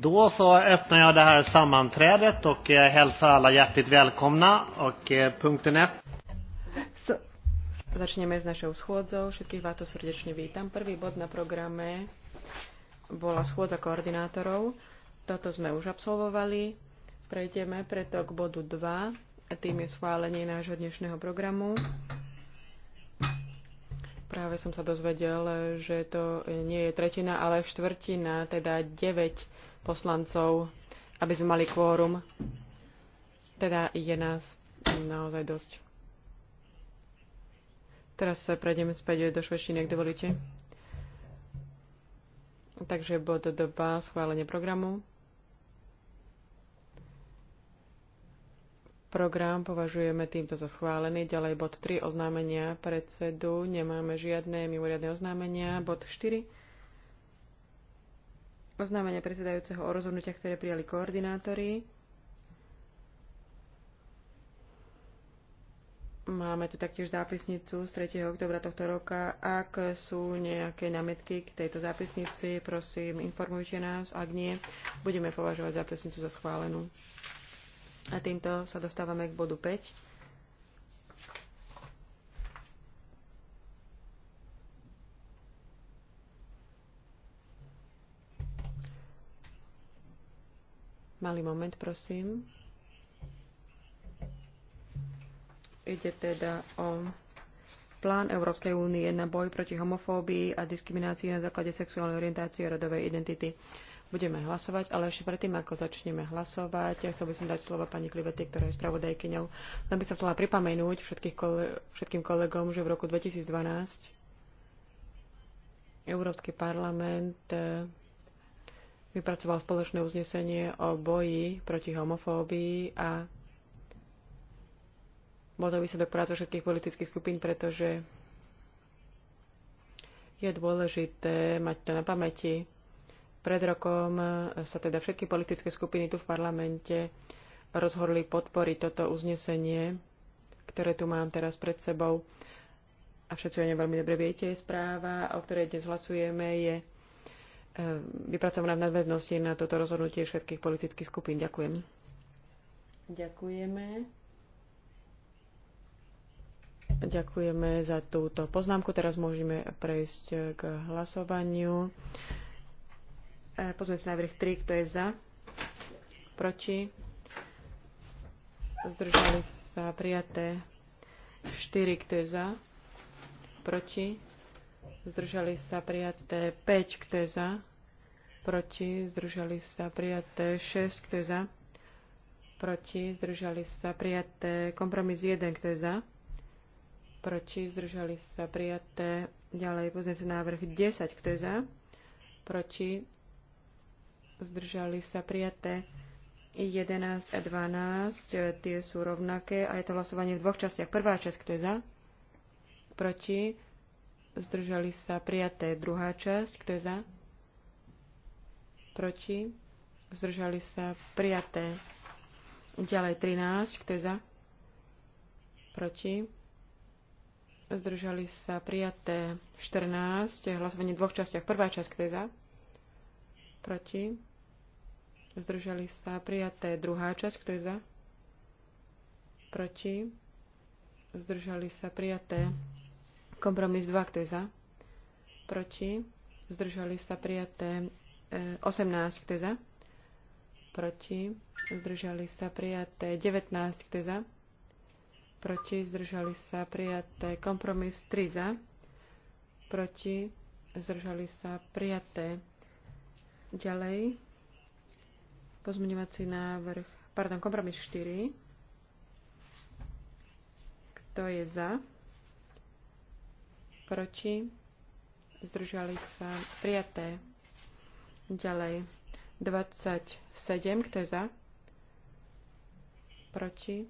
Då så öppnar jag det här sammanträdet och eh, hälsar alla hjärtligt välkomna. Och eh, punkten Så, Začneme s našou schôdzou. Všetkých vás to srdečne vítam. Prvý bod na programe bola schôdza koordinátorov. Toto sme už absolvovali. Prejdeme preto k bodu 2. A tým je schválenie nášho dnešného programu. Práve som sa dozvedel, že to nie je tretina, ale štvrtina, teda 9 poslancov, aby sme mali kvórum. Teda je nás naozaj dosť. Teraz sa prejdeme späť do švedštiny, ak dovolíte. Takže bod doba schválenie programu. Program považujeme týmto za schválený. Ďalej bod 3 oznámenia predsedu. Nemáme žiadne mimoriadne oznámenia. Bod 4 oznámenia predsedajúceho o rozhodnutiach, ktoré prijali koordinátori. Máme tu taktiež zápisnicu z 3. oktobra tohto roka. Ak sú nejaké námetky k tejto zápisnici, prosím, informujte nás. Ak nie, budeme považovať zápisnicu za schválenú. A týmto sa dostávame k bodu 5. Malý moment, prosím. Ide teda o plán Európskej únie na boj proti homofóbii a diskriminácii na základe sexuálnej orientácie a rodovej identity. Budeme hlasovať, ale ešte predtým, ako začneme hlasovať, ja chcel by som dať slovo pani Klivety, ktorá je spravodajkyňou. Tam by som chcela pripomenúť kole- všetkým kolegom, že v roku 2012 Európsky parlament vypracoval spoločné uznesenie o boji proti homofóbii a bol to výsledok práce všetkých politických skupín, pretože je dôležité mať to na pamäti. Pred rokom sa teda všetky politické skupiny tu v parlamente rozhodli podporiť toto uznesenie, ktoré tu mám teraz pred sebou. A všetci o ne veľmi dobre viete. Správa, o ktorej dnes hlasujeme, je E, vypracovaná v nadväznosti na toto rozhodnutie všetkých politických skupín. Ďakujem. Ďakujeme. Ďakujeme za túto poznámku. Teraz môžeme prejsť k hlasovaniu. E, Pozmeňte návrh 3, kto je za? Proti? Zdržali sa prijaté 4, kto je za? Proti? zdržali sa prijaté 5, kto je za, proti, zdržali sa prijaté 6, kto je za, proti, zdržali sa prijaté kompromis 1, kto je za, proti, zdržali sa prijaté ďalej pozrieť návrh 10, kto je za, proti, zdržali sa prijaté 11 a 12, tie sú rovnaké a je to hlasovanie v dvoch častiach. Prvá časť, kto je za, proti, Zdržali sa prijaté druhá časť. Kto je za? Proti? Zdržali sa prijaté. Ďalej 13. Kto je za? Proti? Zdržali sa prijaté 14. Hlasovanie v dvoch častiach. Prvá časť. Kto je za? Proti? Zdržali sa prijaté druhá časť. Kto je za? Proti? Zdržali sa prijaté Kompromis 2, kto je za? Proti? Zdržali sa prijaté 18, e, kto je za? Proti? Zdržali sa prijaté 19, kto je za? Proti? Zdržali sa prijaté kompromis 3 za? Proti? Zdržali sa prijaté. Ďalej. Pozmeňovací návrh. Pardon, kompromis 4. Kto je za? proti, zdržali sa prijaté. Ďalej 27, kto je za, proti,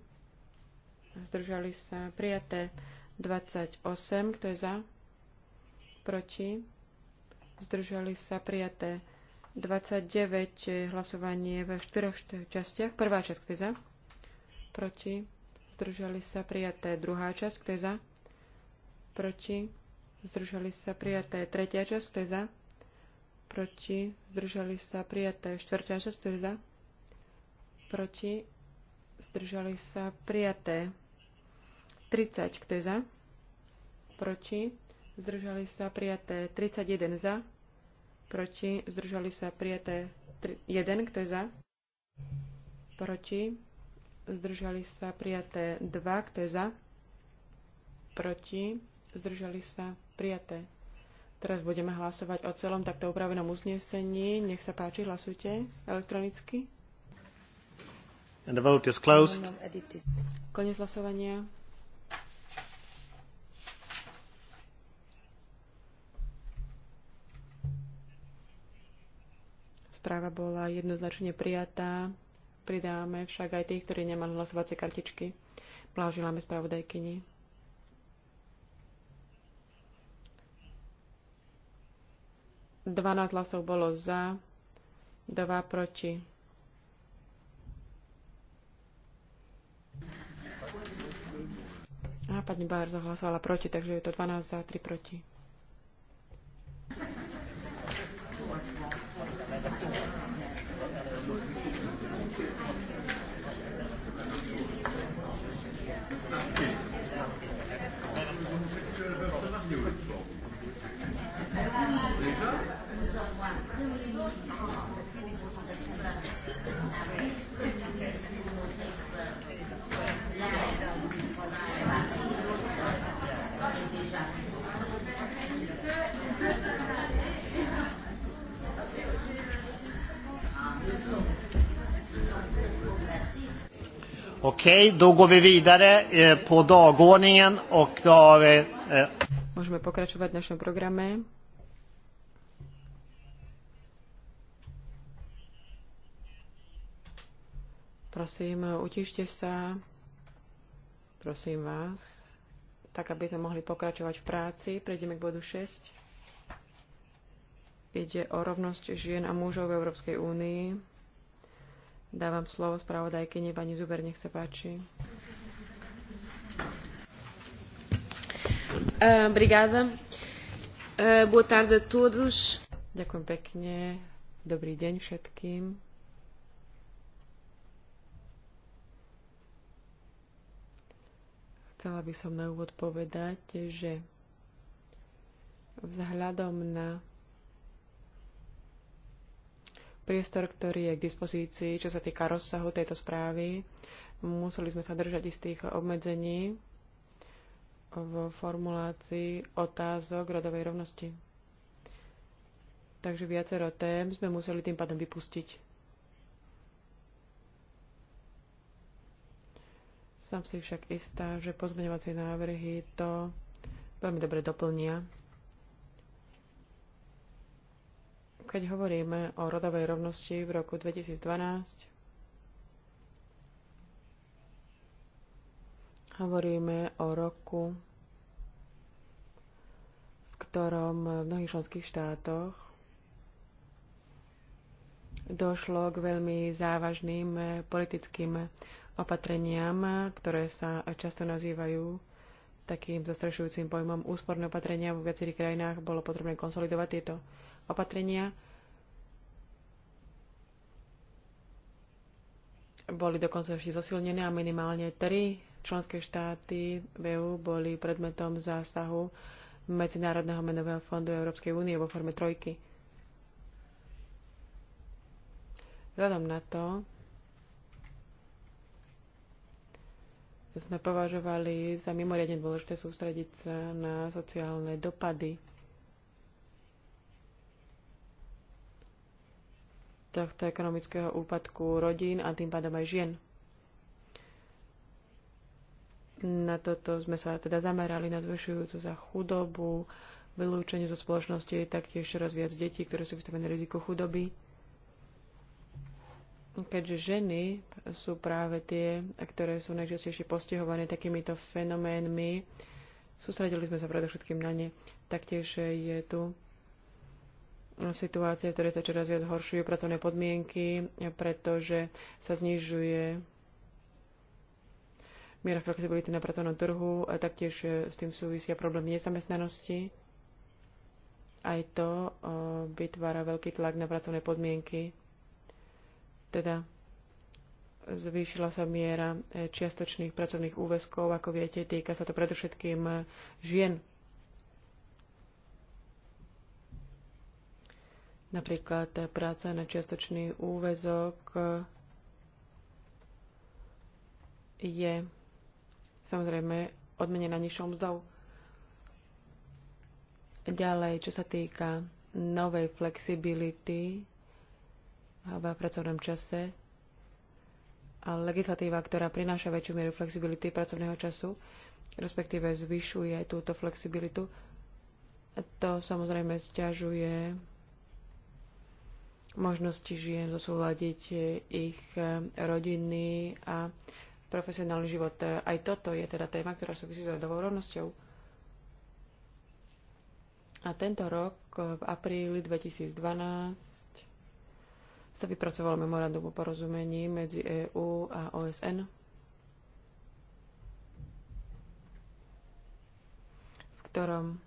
zdržali sa prijaté. 28, kto je za, proti, zdržali sa prijaté. 29 hlasovanie v štyroch častiach. Prvá časť, kto je za? Proti. Zdržali sa prijaté. Druhá časť, kto je za? Proti zdržali sa prijaté. Tretia časť, to je za? Proti, zdržali sa prijaté. Štvrtá časť, to je za? Proti, zdržali sa prijaté. 30, kto je za? Proti, zdržali sa prijaté. 31 za, proti, zdržali sa prijaté. 1, kto je za? Proti, zdržali sa prijaté 2, kto je za? Proti, zdržali sa prijaté. Teraz budeme hlasovať o celom takto upravenom uznesení. Nech sa páči, hlasujte elektronicky. And the vote is closed. Konec hlasovania. Správa bola jednoznačne prijatá. Pridáme však aj tých, ktorí nemali hlasovacie kartičky. Plážiláme spravodajkyni. 12 hlasov bolo za, 2 proti. A pani Bár zahlasovala proti, takže je to 12 za, 3 proti. Okej, då går vi vidare eh, på dagordningen och då har vi... Eh, Môžeme pokračovať v našom programe. Prosím, eh, utište sa. Prosím vás. Tak, aby sme mohli pokračovať v práci. Prejdeme k bodu 6. Ide o rovnosť žien a mužov v Európskej únii. Dávam slovo spravodajke Nebani Zuber, nech sa páči. Eh, Brigáda. Eh, boa tarde a todos. Ďakujem pekne. Dobrý deň všetkým. Chcela by som na úvod povedať, že vzhľadom na priestor, ktorý je k dispozícii, čo sa týka rozsahu tejto správy. Museli sme sa držať istých obmedzení v formulácii otázok rodovej rovnosti. Takže viacero tém sme museli tým pádom vypustiť. Som si však istá, že pozmeňovacie návrhy to veľmi dobre doplnia. Keď hovoríme o rodovej rovnosti v roku 2012, hovoríme o roku, v ktorom v mnohých členských štátoch došlo k veľmi závažným politickým opatreniam, ktoré sa často nazývajú takým zastrešujúcim pojmom úsporné opatrenia vo viacerých krajinách. Bolo potrebné konsolidovať tieto opatrenia boli dokonca ešte zosilnené a minimálne tri členské štáty v EU boli predmetom zásahu Medzinárodného menového fondu Európskej únie vo forme trojky. Vzhľadom na to sme považovali za mimoriadne dôležité sústrediť sa na sociálne dopady tohto ekonomického úpadku rodín a tým pádom aj žien. Na toto sme sa teda zamerali na zvyšujúcu za chudobu, vylúčenie zo spoločnosti, taktiež čoraz viac detí, ktoré sú vystavené riziku chudoby. Keďže ženy sú práve tie, ktoré sú najčastejšie postihované takýmito fenoménmi, sústredili sme sa predovšetkým na ne. Taktiež je tu situácie, v ktorej sa čoraz viac horšujú pracovné podmienky, pretože sa znižuje miera flexibility na pracovnom trhu a taktiež e, s tým súvisia problém nezamestnanosti. Aj to e, vytvára veľký tlak na pracovné podmienky. Teda zvýšila sa miera e, čiastočných pracovných úväzkov. Ako viete, týka sa to predovšetkým žien napríklad práca na čiastočný úvezok je samozrejme odmenená nižšou mzdou. Ďalej, čo sa týka novej flexibility v pracovnom čase a legislatíva, ktorá prináša väčšiu mieru flexibility pracovného času, respektíve zvyšuje túto flexibilitu, to samozrejme stiažuje možnosti žien zosúľadiť ich eh, rodinný a profesionálny život. Aj toto je teda téma, ktorá súvisí s rodovou rovnosťou. A tento rok, eh, v apríli 2012, sa vypracovalo memorandum o porozumení medzi EÚ a OSN, v ktorom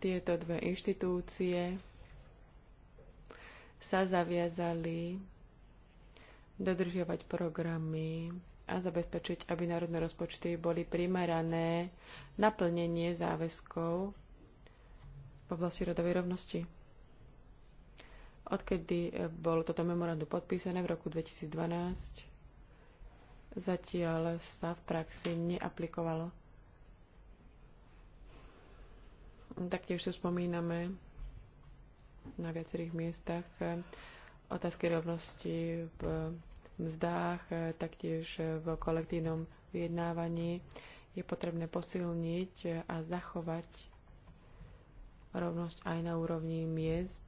tieto dve inštitúcie sa zaviazali dodržiavať programy a zabezpečiť, aby národné rozpočty boli primerané na plnenie záväzkov v oblasti rodovej rovnosti. Odkedy bolo toto memorandum podpísané v roku 2012, zatiaľ sa v praxi neaplikovalo. Taktiež tu spomíname na viacerých miestach e, otázky rovnosti v mzdách, e, taktiež v kolektívnom vyjednávaní je potrebné posilniť a zachovať rovnosť aj na úrovni miest,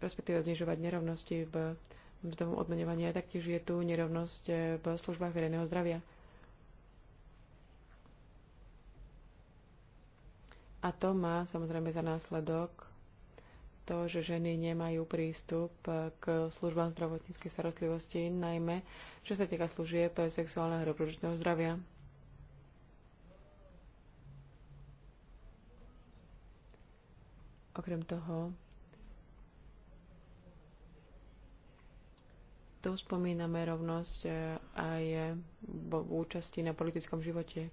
respektíve znižovať nerovnosti v mzdovom odmenovaní. A taktiež je tu nerovnosť v službách verejného zdravia. A to má samozrejme za následok to, že ženy nemajú prístup k službám zdravotníckej starostlivosti, najmä čo sa týka služieb sexuálneho reprodučného zdravia. Okrem toho, tu spomíname rovnosť eh, aj v účasti na politickom živote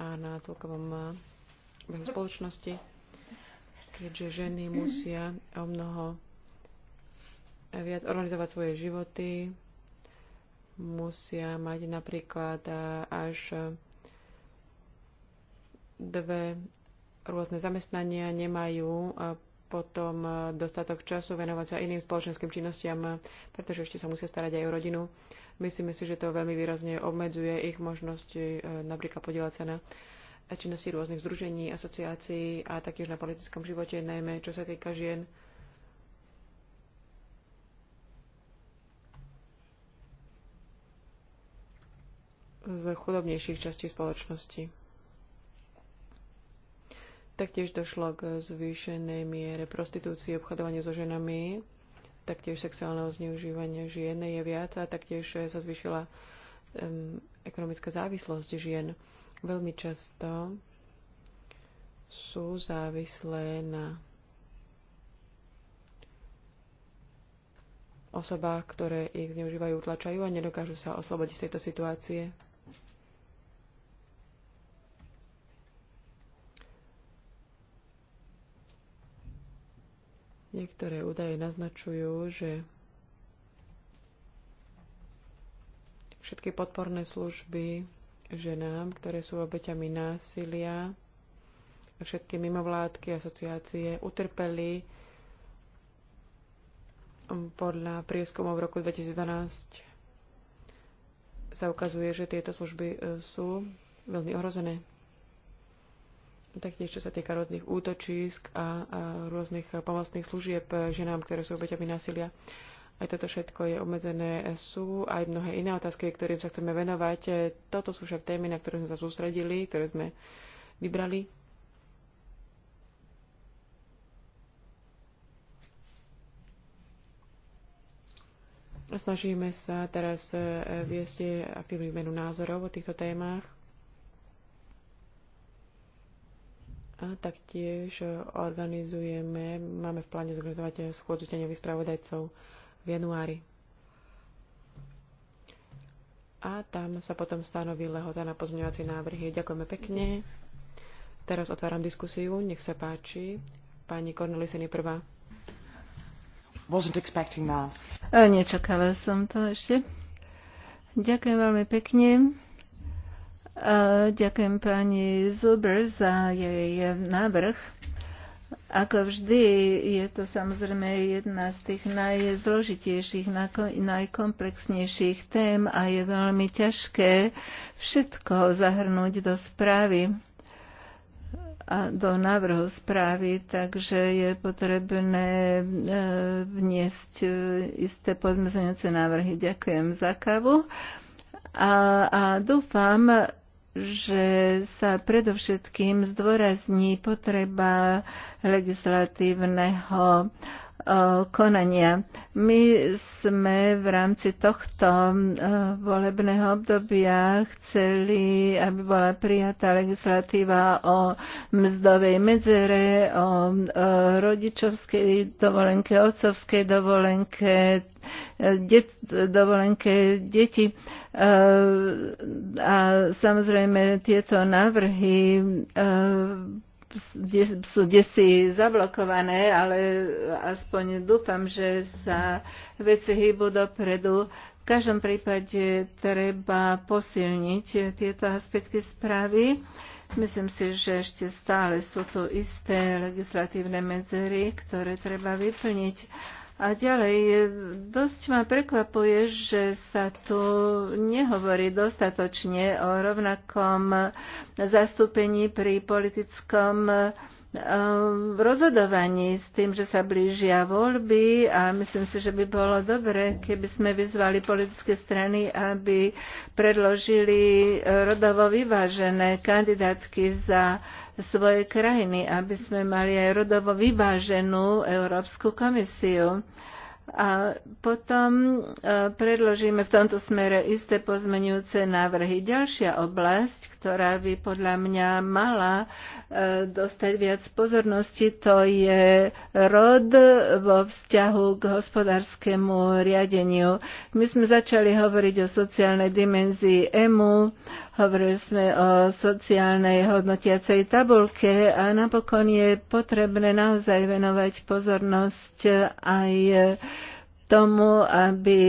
a na celkovom eh, v spoločnosti, keďže ženy musia o mnoho viac organizovať svoje životy, musia mať napríklad e, až e, dve rôzne zamestnania, nemajú e, potom dostatok času venovať sa iným spoločenským činnostiam, pretože ešte sa musia starať aj o rodinu. Myslíme si, že to veľmi výrazne obmedzuje ich možnosť napríklad podielať sa na činnosti rôznych združení, asociácií a taktiež na politickom živote, najmä čo sa týka žien. z chudobnejších častí spoločnosti. Taktiež došlo k zvýšenej miere prostitúcii, obchodovaniu so ženami, taktiež sexuálneho zneužívania žien je viac a taktiež sa zvýšila um, ekonomická závislosť žien veľmi často sú závislé na osobách, ktoré ich zneužívajú, utlačajú a nedokážu sa oslobodiť z tejto situácie. Niektoré údaje naznačujú, že všetky podporné služby ženám, ktoré sú obeťami násilia. Všetky mimovládky, asociácie utrpeli podľa prieskumov v roku 2012 sa ukazuje, že tieto služby e, sú veľmi ohrozené. Taktiež, čo sa týka rôznych útočísk a, a rôznych pomocných služieb e, ženám, ktoré sú obeťami násilia. Aj toto všetko je obmedzené. Sú aj mnohé iné otázky, ktorým sa chceme venovať. Toto sú však témy, na ktoré sme sa sústredili, ktoré sme vybrali. Snažíme sa teraz eh, viesť aktívnu výmenu názorov o týchto témach a taktiež eh, organizujeme, máme v pláne zorganizovať eh, schôdzu tenových spravodajcov v januári. A tam sa potom stanoví lehota na pozmeňovací návrhy. Ďakujeme pekne. Teraz otváram diskusiu. Nech sa páči. Pani Corneliseny prvá. Wasn't expecting that. E, nečakala som to ešte. Ďakujem veľmi pekne. A e, ďakujem pani Zuber za jej návrh ako vždy je to samozrejme jedna z tých najzložitejších, najkomplexnejších tém a je veľmi ťažké všetko zahrnúť do správy a do návrhu správy, takže je potrebné e, vniesť e, isté podmezujúce návrhy. Ďakujem za kavu a, a dúfam, že sa predovšetkým zdôrazní potreba legislatívneho E, konania. My sme v rámci tohto e, volebného obdobia chceli, aby bola prijatá legislatíva o mzdovej medzere, o e, rodičovskej dovolenke, otcovskej dovolenke, det, dovolenke deti. A samozrejme tieto návrhy sú desi zablokované, ale aspoň dúfam, že sa veci hýbu dopredu. V každom prípade treba posilniť tieto aspekty správy. Myslím si, že ešte stále sú tu isté legislatívne medzery, ktoré treba vyplniť a ďalej, e, dosť ma prekvapuje, že sa tu nehovorí dostatočne o rovnakom zastúpení pri politickom e, v rozhodovaní s tým, že sa blížia voľby a myslím si, že by bolo dobre, keby sme vyzvali politické strany, aby predložili e, rodovo vyvážené kandidátky za svoje krajiny, aby sme mali aj rodovo vyváženú Európsku komisiu. A potom e, predložíme v tomto smere isté pozmenujúce návrhy. Ďalšia oblasť, ktorá by podľa mňa mala e, dostať viac pozornosti, to je rod vo vzťahu k hospodárskému riadeniu. My sme začali hovoriť o sociálnej dimenzii EMU, hovorili sme o sociálnej hodnotiacej tabulke a napokon je potrebné naozaj venovať pozornosť aj tomu, aby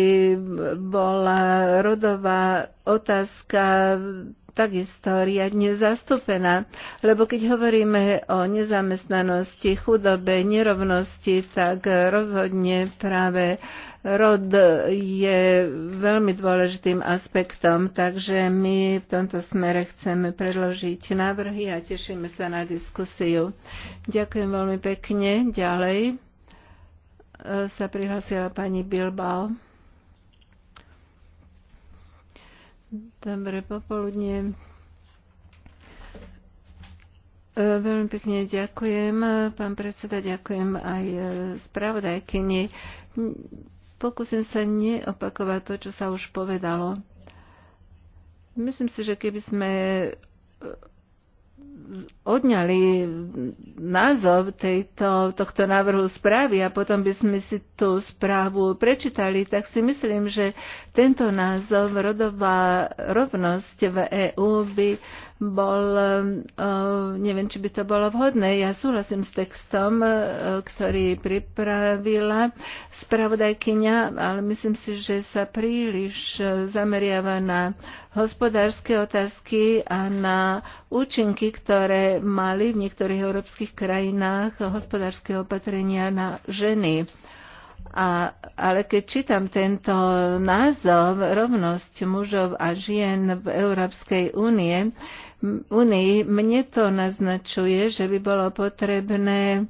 bola rodová otázka takisto riadne zastúpená. Lebo keď hovoríme o nezamestnanosti, chudobe, nerovnosti, tak rozhodne práve rod je veľmi dôležitým aspektom, takže my v tomto smere chceme predložiť návrhy a tešíme sa na diskusiu. Ďakujem veľmi pekne. Ďalej e, sa prihlásila pani Bilbao. Dobre popoludne. E, veľmi pekne ďakujem, pán predseda, ďakujem aj e, spravodajkyni. Pokúsim sa neopakovať to, čo sa už povedalo. Myslím si, že keby sme odňali názov tejto, tohto návrhu správy a potom by sme si tú správu prečítali, tak si myslím, že tento názov rodová rovnosť v EÚ by bol, um, uh, neviem, či by to bolo vhodné. Ja súhlasím s textom, uh, ktorý pripravila spravodajkyňa, ale myslím si, že sa príliš uh, zameriava na hospodárske otázky a na účinky, ktoré mali v niektorých európskych krajinách hospodárske opatrenia na ženy a, ale keď čítam tento názov, rovnosť mužov a žien v Európskej únie, Unii, mne to naznačuje, že by bolo potrebné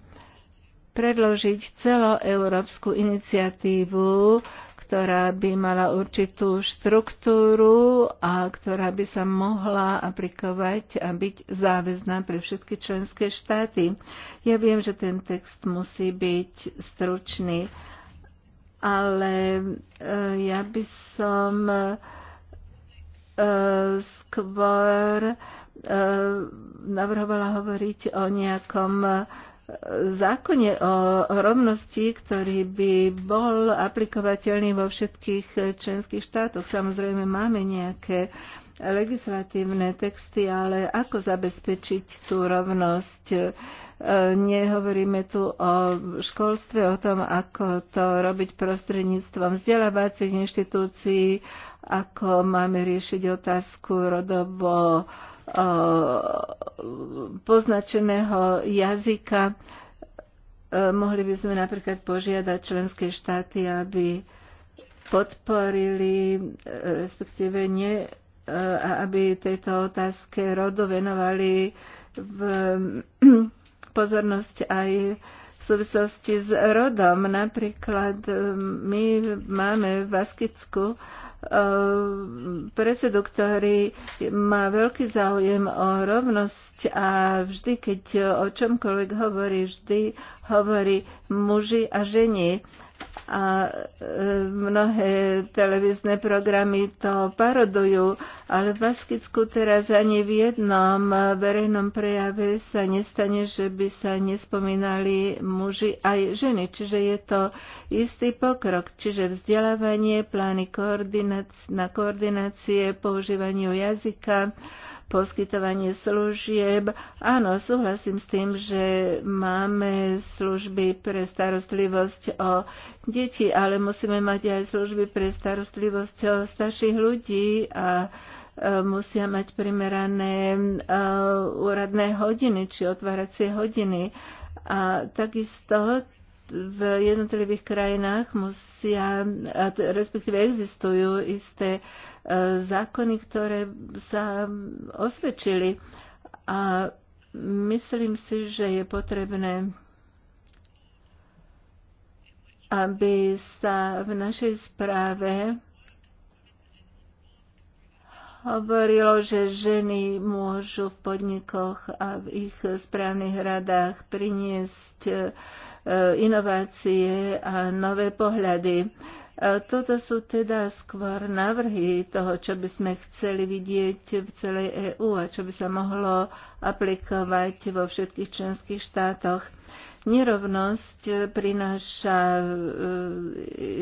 predložiť celoeurópsku iniciatívu, ktorá by mala určitú štruktúru a ktorá by sa mohla aplikovať a byť záväzná pre všetky členské štáty. Ja viem, že ten text musí byť stručný ale e, ja by som e, skôr e, navrhovala hovoriť o nejakom zákone o rovnosti, ktorý by bol aplikovateľný vo všetkých členských štátoch. Samozrejme, máme nejaké e, legislatívne texty, ale ako zabezpečiť tú rovnosť? E, nehovoríme tu o školstve, o tom, ako to robiť prostredníctvom vzdelávacích inštitúcií, ako máme riešiť otázku rodovo e, poznačeného jazyka. E, mohli by sme napríklad požiadať členské štáty, aby podporili, respektíve ne a aby tejto otázke rodu venovali v pozornosť aj v súvislosti s rodom. Napríklad e, my máme v Baskicku e, predsedu, ktorý má veľký záujem o rovnosť a vždy, keď o čomkoľvek hovorí, vždy hovorí muži a ženi a e, mnohé televízne programy to parodujú, ale v Baskicku teraz ani v jednom verejnom prejave sa nestane, že by sa nespomínali muži aj ženy. Čiže je to istý pokrok. Čiže vzdelávanie, plány koordinac- na koordinácie, používaniu jazyka, poskytovanie služieb. Áno, súhlasím s tým, že máme služby pre starostlivosť o deti, ale musíme mať aj služby pre starostlivosť o starších ľudí a e, musia mať primerané e, úradné hodiny či otváracie hodiny. A takisto v jednotlivých krajinách musia, respektíve existujú isté e, zákony, ktoré sa osvedčili a myslím si, že je potrebné aby sa v našej správe hovorilo, že ženy môžu v podnikoch a v ich správnych radách priniesť e, Eh, inovácie a nové pohľady. Toto sú teda skôr návrhy toho, čo by sme chceli vidieť v celej EÚ a čo by sa mohlo aplikovať vo všetkých členských štátoch. Nerovnosť prináša eh,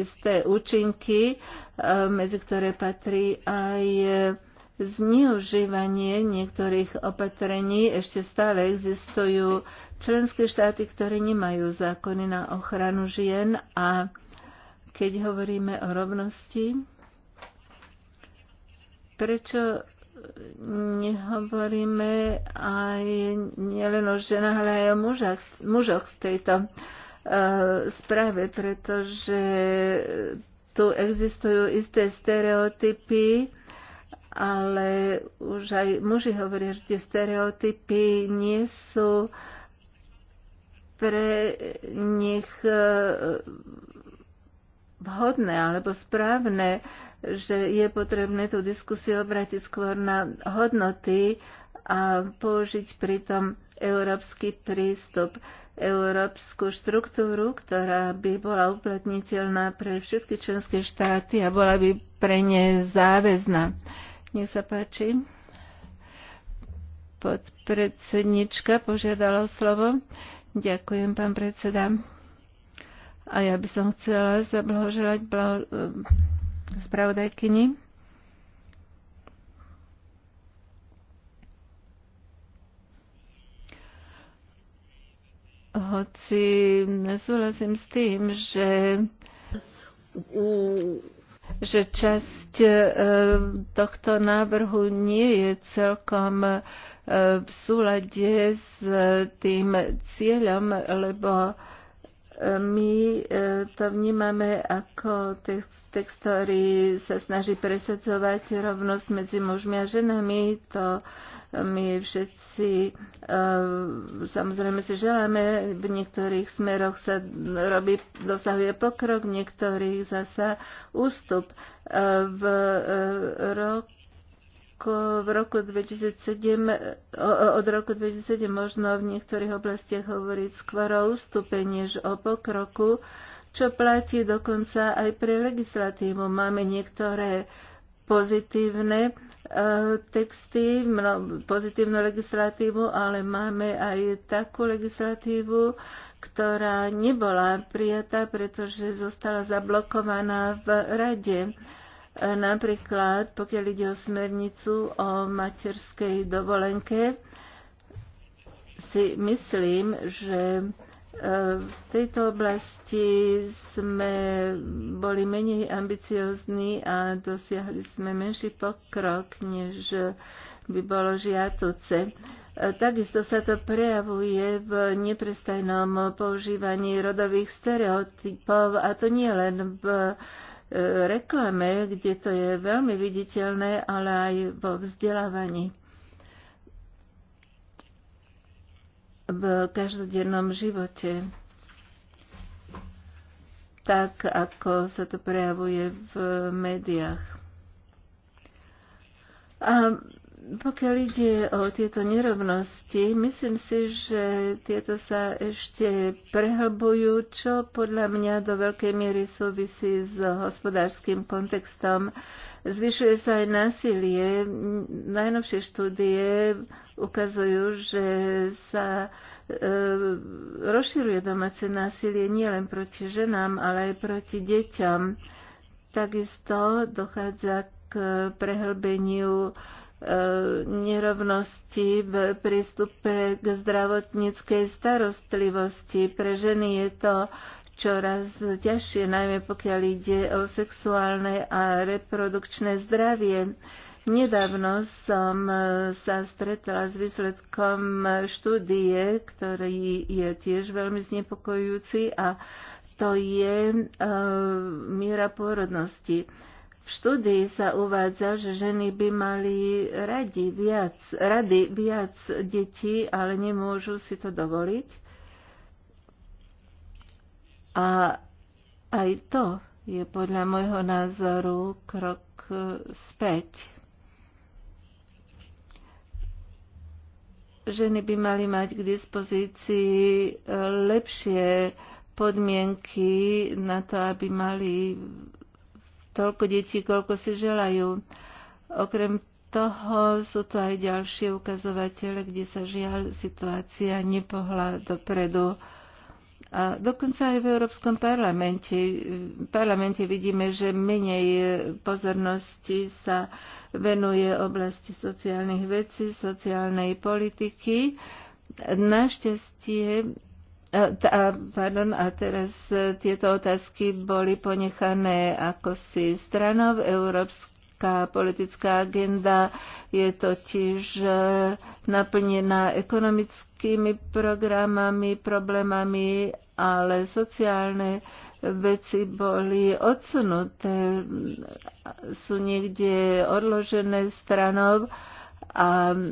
isté účinky, eh, medzi ktoré patrí aj zneužívanie niektorých opatrení ešte stále existujú členské štáty, ktoré nemajú zákony na ochranu žien a keď hovoríme o rovnosti, prečo nehovoríme aj nielen o ženách, ale aj o mužoch, mužoch v tejto uh, správe, pretože tu existujú isté stereotypy, ale už aj muži hovoria, že tie stereotypy nie sú pre nich e, vhodné alebo správne, že je potrebné tú diskusiu obrátiť skôr na hodnoty a použiť pritom európsky prístup, európsku štruktúru, ktorá by bola uplatniteľná pre všetky členské štáty a bola by pre ne záväzná. Nech sa páči. Podpredsednička požiadala o slovo. Ďakujem, pán predseda. A ja by som chcela zablahoželať blaho, spravodajkyni. Hoci nesúhlasím s tým, že u že časť e, tohto návrhu nie je celkom e, v súlade s e, tým cieľom, lebo my e, to vnímame ako text, text, ktorý sa snaží presadzovať rovnosť medzi mužmi a ženami. To my všetci e, samozrejme si želáme. V niektorých smeroch sa robí, dosahuje pokrok, v niektorých zasa ústup. E, v roku v roku 2007, od roku 2007 možno v niektorých oblastiach hovoriť skôr o ústupe než o pokroku, čo platí dokonca aj pre legislatívu. Máme niektoré pozitívne e, texty, pozitívnu legislatívu, ale máme aj takú legislatívu, ktorá nebola prijatá, pretože zostala zablokovaná v rade. Napríklad, pokiaľ ide o smernicu o materskej dovolenke, si myslím, že e, v tejto oblasti sme boli menej ambiciozní a dosiahli sme menší pokrok, než by bolo žiaduce. E, takisto sa to prejavuje v neprestajnom používaní rodových stereotypov a to nie len v reklame, kde to je veľmi viditeľné, ale aj vo vzdelávaní. V každodennom živote. Tak, ako sa to prejavuje v médiách. A pokiaľ ide o tieto nerovnosti, myslím si, že tieto sa ešte prehlbujú, čo podľa mňa do veľkej miery súvisí s hospodárskym kontextom. Zvyšuje sa aj násilie. Najnovšie štúdie ukazujú, že sa e, rozširuje domáce násilie nielen proti ženám, ale aj proti deťom. Takisto dochádza k prehlbeniu nerovnosti v prístupe k zdravotníckej starostlivosti. Pre ženy je to čoraz ťažšie, najmä pokiaľ ide o sexuálne a reprodukčné zdravie. Nedávno som e, sa stretla s výsledkom štúdie, ktorý je tiež veľmi znepokojujúci a to je e, miera pôrodnosti. E, v štúdii sa uvádza, že ženy by mali radi viac, rady viac detí, ale nemôžu si to dovoliť. A aj to je podľa môjho názoru krok späť. Ženy by mali mať k dispozícii eh, lepšie podmienky na to, aby mali toľko detí, koľko si želajú. Okrem toho sú tu aj ďalšie ukazovatele, kde sa žiaľ situácia nepohla dopredu. A dokonca aj v Európskom parlamente, v parlamente vidíme, že menej pozornosti sa venuje oblasti sociálnych vecí, sociálnej politiky. Našťastie E, pardon, a teraz e, tieto otázky boli ponechané ako si stranov. Európska politická agenda je totiž e, naplnená ekonomickými programami, problémami, ale sociálne veci boli odsunuté, sú niekde odložené stranov. A e,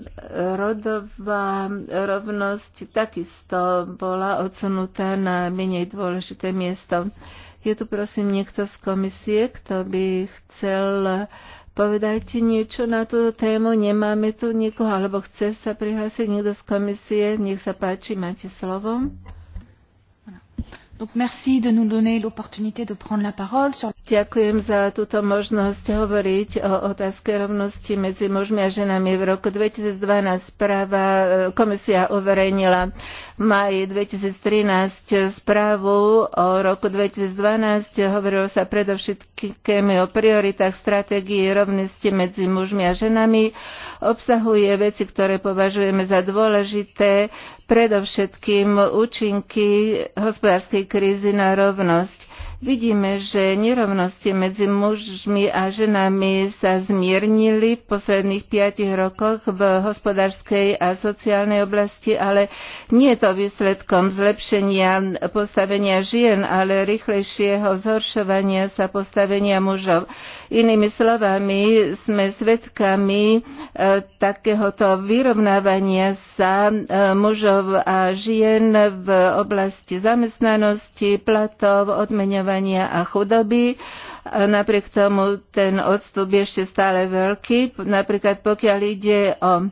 rodová rovnosť takisto bola odsunutá na menej dôležité miesto. Je tu prosím niekto z komisie, kto by chcel povedať niečo na túto tému? Nemáme tu nikoho, alebo chce sa prihlásiť niekto z komisie? Nech sa páči, máte slovo. Donc merci de nous donner l'opportunité de prendre la parole sur Ďakujem za túto možnosť hovoriť o otázke rovnosti medzi mužmi a ženami. V roku 2012 správa e, komisia uverejnila maji 2013 správu o roku 2012. Hovorilo sa predovšetkým o prioritách stratégie rovnosti medzi mužmi a ženami. Obsahuje veci, ktoré považujeme za dôležité, predovšetkým účinky hospodárskej krízy na rovnosť Vidíme, že nerovnosti medzi mužmi a ženami sa zmiernili v posledných piatich rokoch v hospodárskej a sociálnej oblasti, ale nie je to výsledkom zlepšenia postavenia žien, ale rýchlejšieho zhoršovania sa postavenia mužov. Inými slovami, sme svedkami e, takéhoto vyrovnávania sa e, mužov a žien v oblasti zamestnanosti, platov, odmeňovania a chudoby. Napriek tomu ten odstup je ešte stále veľký. Napríklad pokiaľ ide o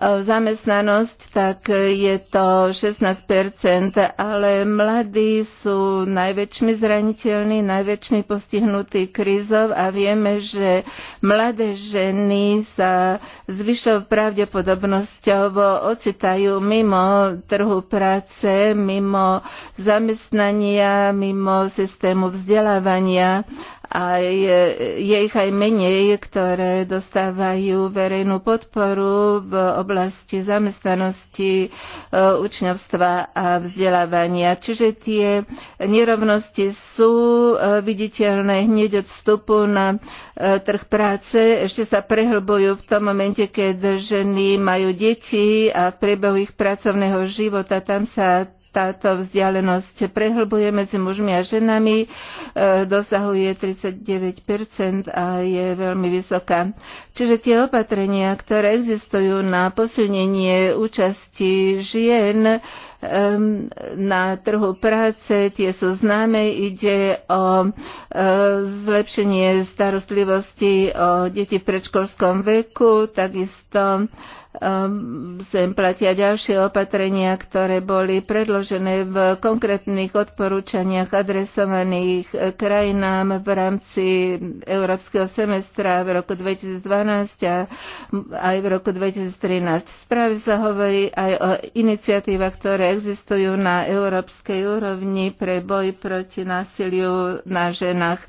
zamestnanosť, tak je to 16%, ale mladí sú najväčšmi zraniteľní, najväčšmi postihnutí krízov a vieme, že mladé ženy sa s vyššou pravdepodobnosťou ocitajú mimo trhu práce, mimo zamestnania, mimo systému vzdelávania a je, je ich aj menej, ktoré dostávajú verejnú podporu v oblasti zamestnanosti, e, učňovstva a vzdelávania. Čiže tie nerovnosti sú e, viditeľné hneď od vstupu na e, trh práce. Ešte sa prehlbujú v tom momente, keď ženy majú deti a v priebehu ich pracovného života tam sa táto vzdialenosť prehlbuje medzi mužmi a ženami, e, dosahuje 39% a je veľmi vysoká. Čiže tie opatrenia, ktoré existujú na posilnenie účasti žien, na trhu práce, tie sú známe, ide o e, zlepšenie starostlivosti o deti v predškolskom veku, takisto sem platia ďalšie opatrenia, ktoré boli predložené v konkrétnych odporúčaniach adresovaných e, krajinám v rámci Európskeho semestra v roku 2012 a aj v roku 2013. V správe sa hovorí aj o iniciatívach, ktoré existujú na európskej úrovni pre boj proti násiliu na ženách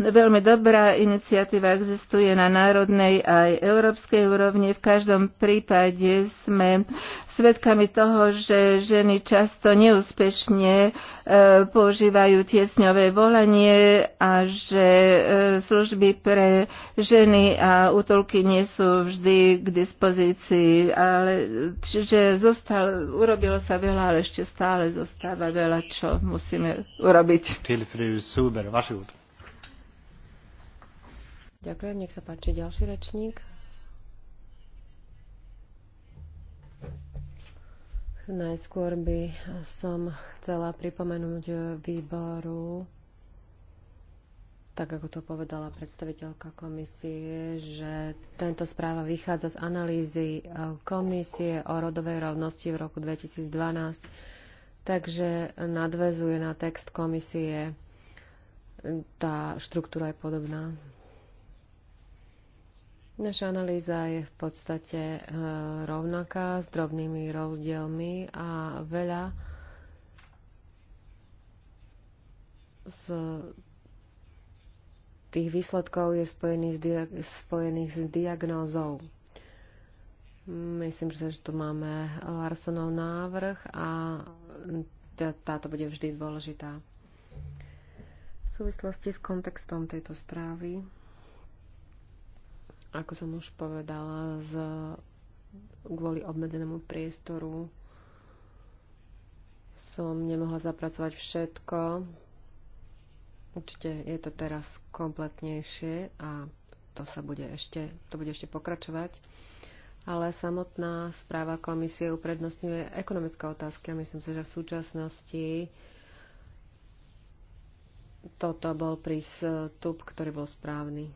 Veľmi dobrá iniciatíva existuje na národnej aj európskej úrovni. V každom prípade sme svedkami toho, že ženy často neúspešne e, používajú tiesňové volanie a že e, služby pre ženy a útulky nie sú vždy k dispozícii. Ale, čiže zostal, urobilo sa veľa, ale ešte stále zostáva veľa, čo musíme urobiť. Til fru Suber, útulky. Ďakujem, nech sa páči ďalší rečník. Najskôr by som chcela pripomenúť výboru, tak ako to povedala predstaviteľka komisie, že tento správa vychádza z analýzy e, komisie o rodovej rovnosti v roku 2012, takže nadvezuje na text komisie. E, tá štruktúra je podobná. Naša analýza je v podstate e, rovnaká s drobnými rozdielmi a veľa z tých výsledkov je spojených s, spojených s diagnózou. Myslím, že tu máme Larsonov e, návrh a táto bude vždy dôležitá. V súvislosti s kontextom tejto správy ako som už povedala, z, kvôli obmedzenému priestoru som nemohla zapracovať všetko. Určite je to teraz kompletnejšie a to sa bude ešte, to bude ešte pokračovať. Ale samotná správa komisie uprednostňuje ekonomické otázky a myslím si, že v súčasnosti toto bol prístup, ktorý bol správny.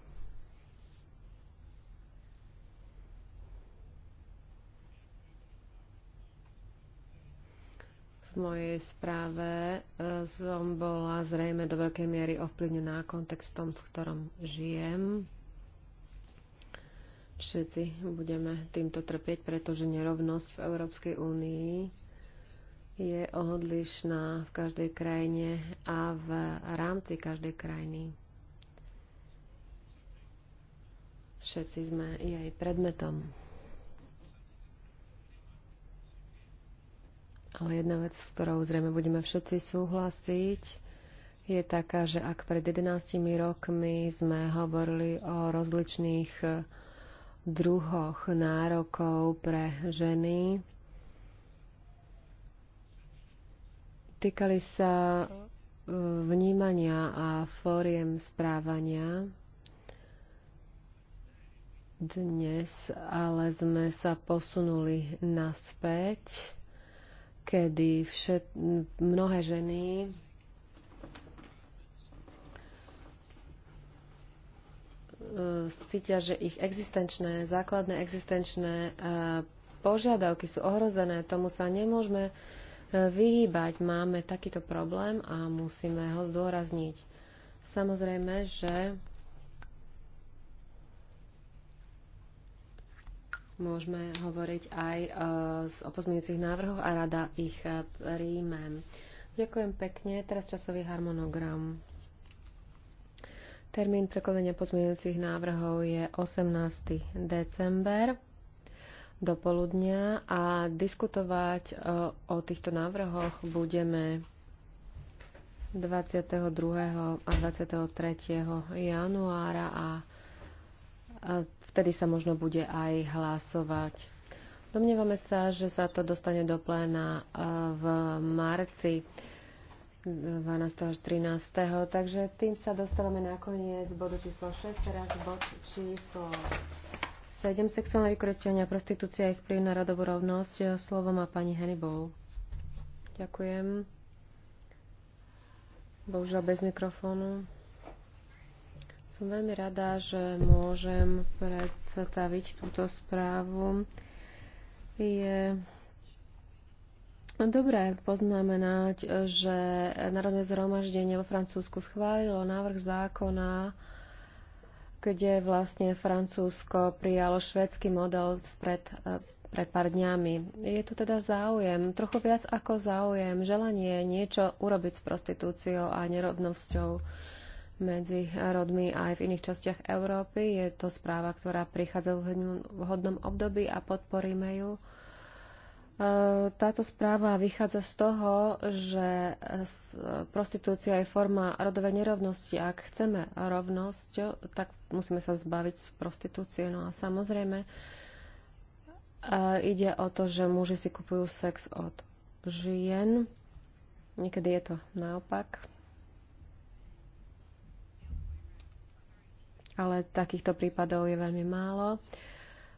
mojej správe e, som bola zrejme do veľkej miery ovplyvnená kontextom, v ktorom žijem. Všetci budeme týmto trpieť, pretože nerovnosť v Európskej únii je odlišná v každej krajine a v rámci každej krajiny. Všetci sme jej predmetom. Ale jedna vec, s ktorou zrejme budeme všetci súhlasiť, je taká, že ak pred 11 rokmi sme hovorili o rozličných eh, druhoch nárokov pre ženy, týkali sa eh, vnímania a fóriem správania. Dnes ale sme sa posunuli naspäť kedy všet, mnohé ženy e, cítia, že ich existenčné, základné existenčné e, požiadavky sú ohrozené. Tomu sa nemôžeme e, vyhýbať. Máme takýto problém a musíme ho zdôrazniť. Samozrejme, že môžeme hovoriť aj e, o pozmeňujúcich návrhoch a rada ich e, príjmem. Ďakujem pekne. Teraz časový harmonogram. Termín prekladania pozmeňujúcich návrhov je 18. december do poludnia a diskutovať e, o týchto návrhoch budeme 22. a 23. januára a Vtedy sa možno bude aj hlasovať. Domnievame sa, že sa to dostane do pléna e, v marci 12. až 13. Takže tým sa dostávame na koniec bodu číslo 6, teraz bod číslo 7, sexuálne vykoristovania, prostitúcia a ich vplyv na rodovú rovnosť. E, slovo má pani Hannibal. Ďakujem. Bohužiaľ bez mikrofónu. Som veľmi rada, že môžem predstaviť túto správu. Je Dobre poznamenať, že Národné zhromaždenie vo Francúzsku schválilo návrh zákona, kde vlastne Francúzsko prijalo švedský model spred pred pár dňami. Je tu teda záujem, trochu viac ako záujem, želanie niečo urobiť s prostitúciou a nerovnosťou medzi rodmi aj v iných častiach Európy. Je to správa, ktorá prichádza v hodnom období a podporíme ju. E, táto správa vychádza z toho, že prostitúcia je forma rodovej nerovnosti. Ak chceme rovnosť, tak musíme sa zbaviť z prostitúcie. No a samozrejme e, ide o to, že muži si kupujú sex od žien. Niekedy je to naopak. ale takýchto prípadov je veľmi málo.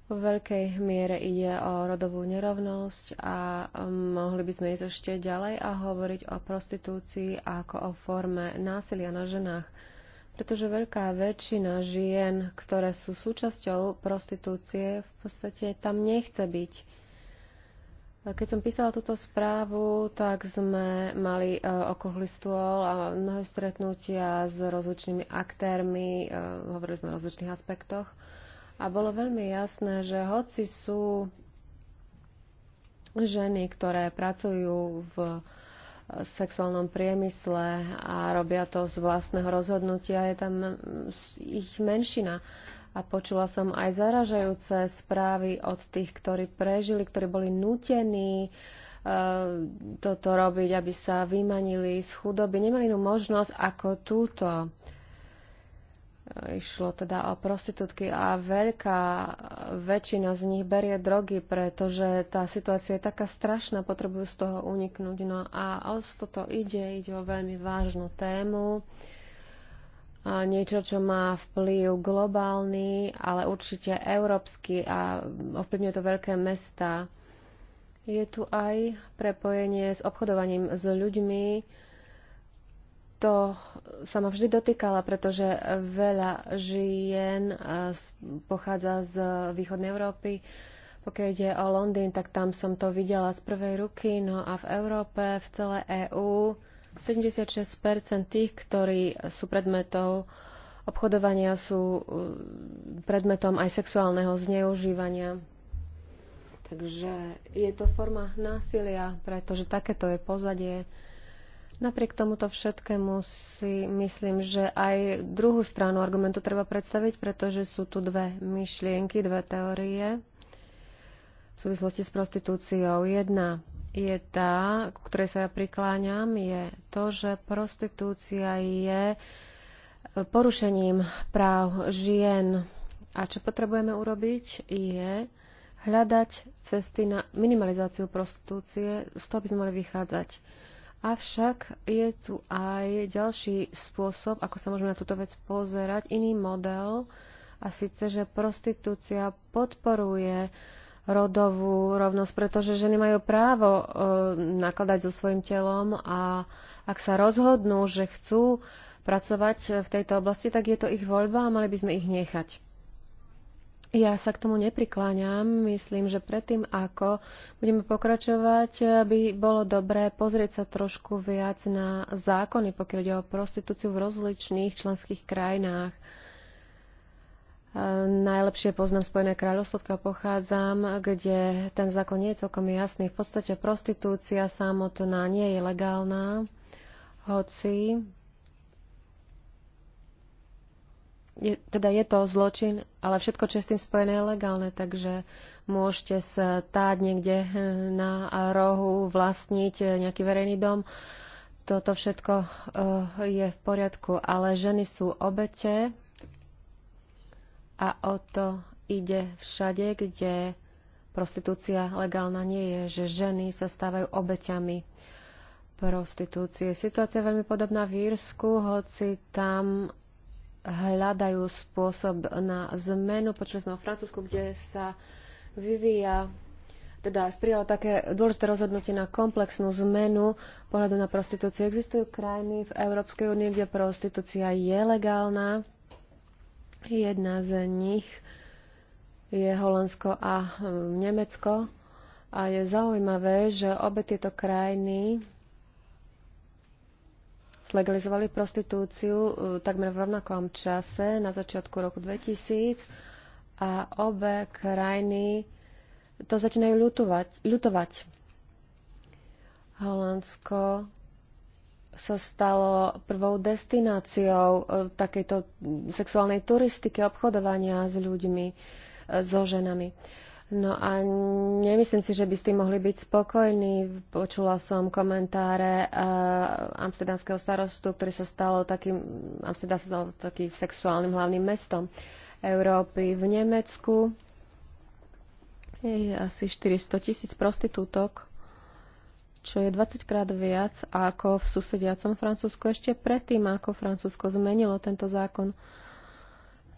Vo veľkej miere ide o rodovú nerovnosť a um, mohli by sme ísť ešte ďalej a hovoriť o prostitúcii ako o forme násilia na ženách, pretože veľká väčšina žien, ktoré sú súčasťou prostitúcie, v podstate tam nechce byť keď som písala túto správu, tak sme mali e, okrúhly stôl a mnohé stretnutia s rozličnými aktérmi, e, hovorili sme o rozličných aspektoch. A bolo veľmi jasné, že hoci sú ženy, ktoré pracujú v e, sexuálnom priemysle a robia to z vlastného rozhodnutia, je tam ich menšina a počula som aj zaražajúce správy od tých, ktorí prežili, ktorí boli nutení eh, toto robiť, aby sa vymanili z chudoby. Nemali inú možnosť ako túto. Eh, išlo teda o prostitútky a veľká väčšina z nich berie drogy, pretože tá situácia je taká strašná, potrebujú z toho uniknúť. No a o toto ide, ide o veľmi vážnu tému. Uh, niečo, čo má vplyv globálny, ale určite európsky a ovplyvňuje to veľké mesta. Je tu aj prepojenie s obchodovaním s ľuďmi. To sa ma vždy dotýkala, pretože veľa žien e, pochádza z východnej Európy. Pokiaľ ide o Londýn, tak tam som to videla z prvej ruky. No a v Európe, v celé EÚ, EU, 76 tých, ktorí sú predmetov obchodovania, sú e, predmetom aj sexuálneho zneužívania. Takže je to forma násilia, pretože takéto je pozadie. Napriek tomuto všetkému si myslím, že aj druhú stranu argumentu treba predstaviť, pretože sú tu dve myšlienky, dve teórie v súvislosti s prostitúciou. Jedna je tá, k ktorej sa ja prikláňam, je to, že prostitúcia je porušením práv žien. A čo potrebujeme urobiť, je hľadať cesty na minimalizáciu prostitúcie, z toho by sme mali vychádzať. Avšak je tu aj ďalší spôsob, ako sa môžeme na túto vec pozerať, iný model, a síce, že prostitúcia podporuje uh, rodovú rovnosť, pretože ženy majú právo e, nakladať so svojim telom a ak sa rozhodnú, že chcú pracovať v tejto oblasti, tak je to ich voľba a mali by sme ich nechať. Ja sa k tomu neprikláňam. Myslím, že predtým, ako budeme pokračovať, by bolo dobré pozrieť sa trošku viac na zákony, pokiaľ ide o prostitúciu v rozličných členských krajinách. Najlepšie poznám Spojené kráľovstvo, odkiaľ pochádzam, kde ten zákon nie je celkom jasný. V podstate prostitúcia samotná nie je legálna, hoci je, teda je to zločin, ale všetko, čo je s tým spojené, je legálne, takže môžete sa táť niekde na rohu, vlastniť nejaký verejný dom. Toto všetko eh, je v poriadku, ale ženy sú obete a o to ide všade, kde prostitúcia legálna nie je, že ženy sa stávajú obeťami prostitúcie. Situácia je veľmi podobná v Írsku, hoci tam hľadajú spôsob na zmenu. Počuli sme o Francúzsku, kde sa vyvíja teda sprijalo také dôležité rozhodnutie na komplexnú zmenu pohľadu na prostitúciu. Existujú krajiny v Európskej únie, kde prostitúcia je legálna, Jedna z nich je Holandsko a e, Nemecko. A je zaujímavé, že obe tieto krajiny zlegalizovali prostitúciu e, takmer v rovnakom čase na začiatku roku 2000 a obe krajiny to začínajú ľutovať. Holandsko sa stalo prvou destináciou e, takejto sexuálnej turistiky, obchodovania s ľuďmi, e, so ženami. No a nemyslím si, že by s tým mohli byť spokojní. Počula som komentáre uh, amsterdamského starostu, ktorý sa stalo takým, Amsterdam sa stalo takým sexuálnym hlavným mestom Európy. V Nemecku je asi 400 tisíc prostitútok čo je 20 krát viac ako v susediacom Francúzsku ešte predtým, ako Francúzsko zmenilo tento zákon.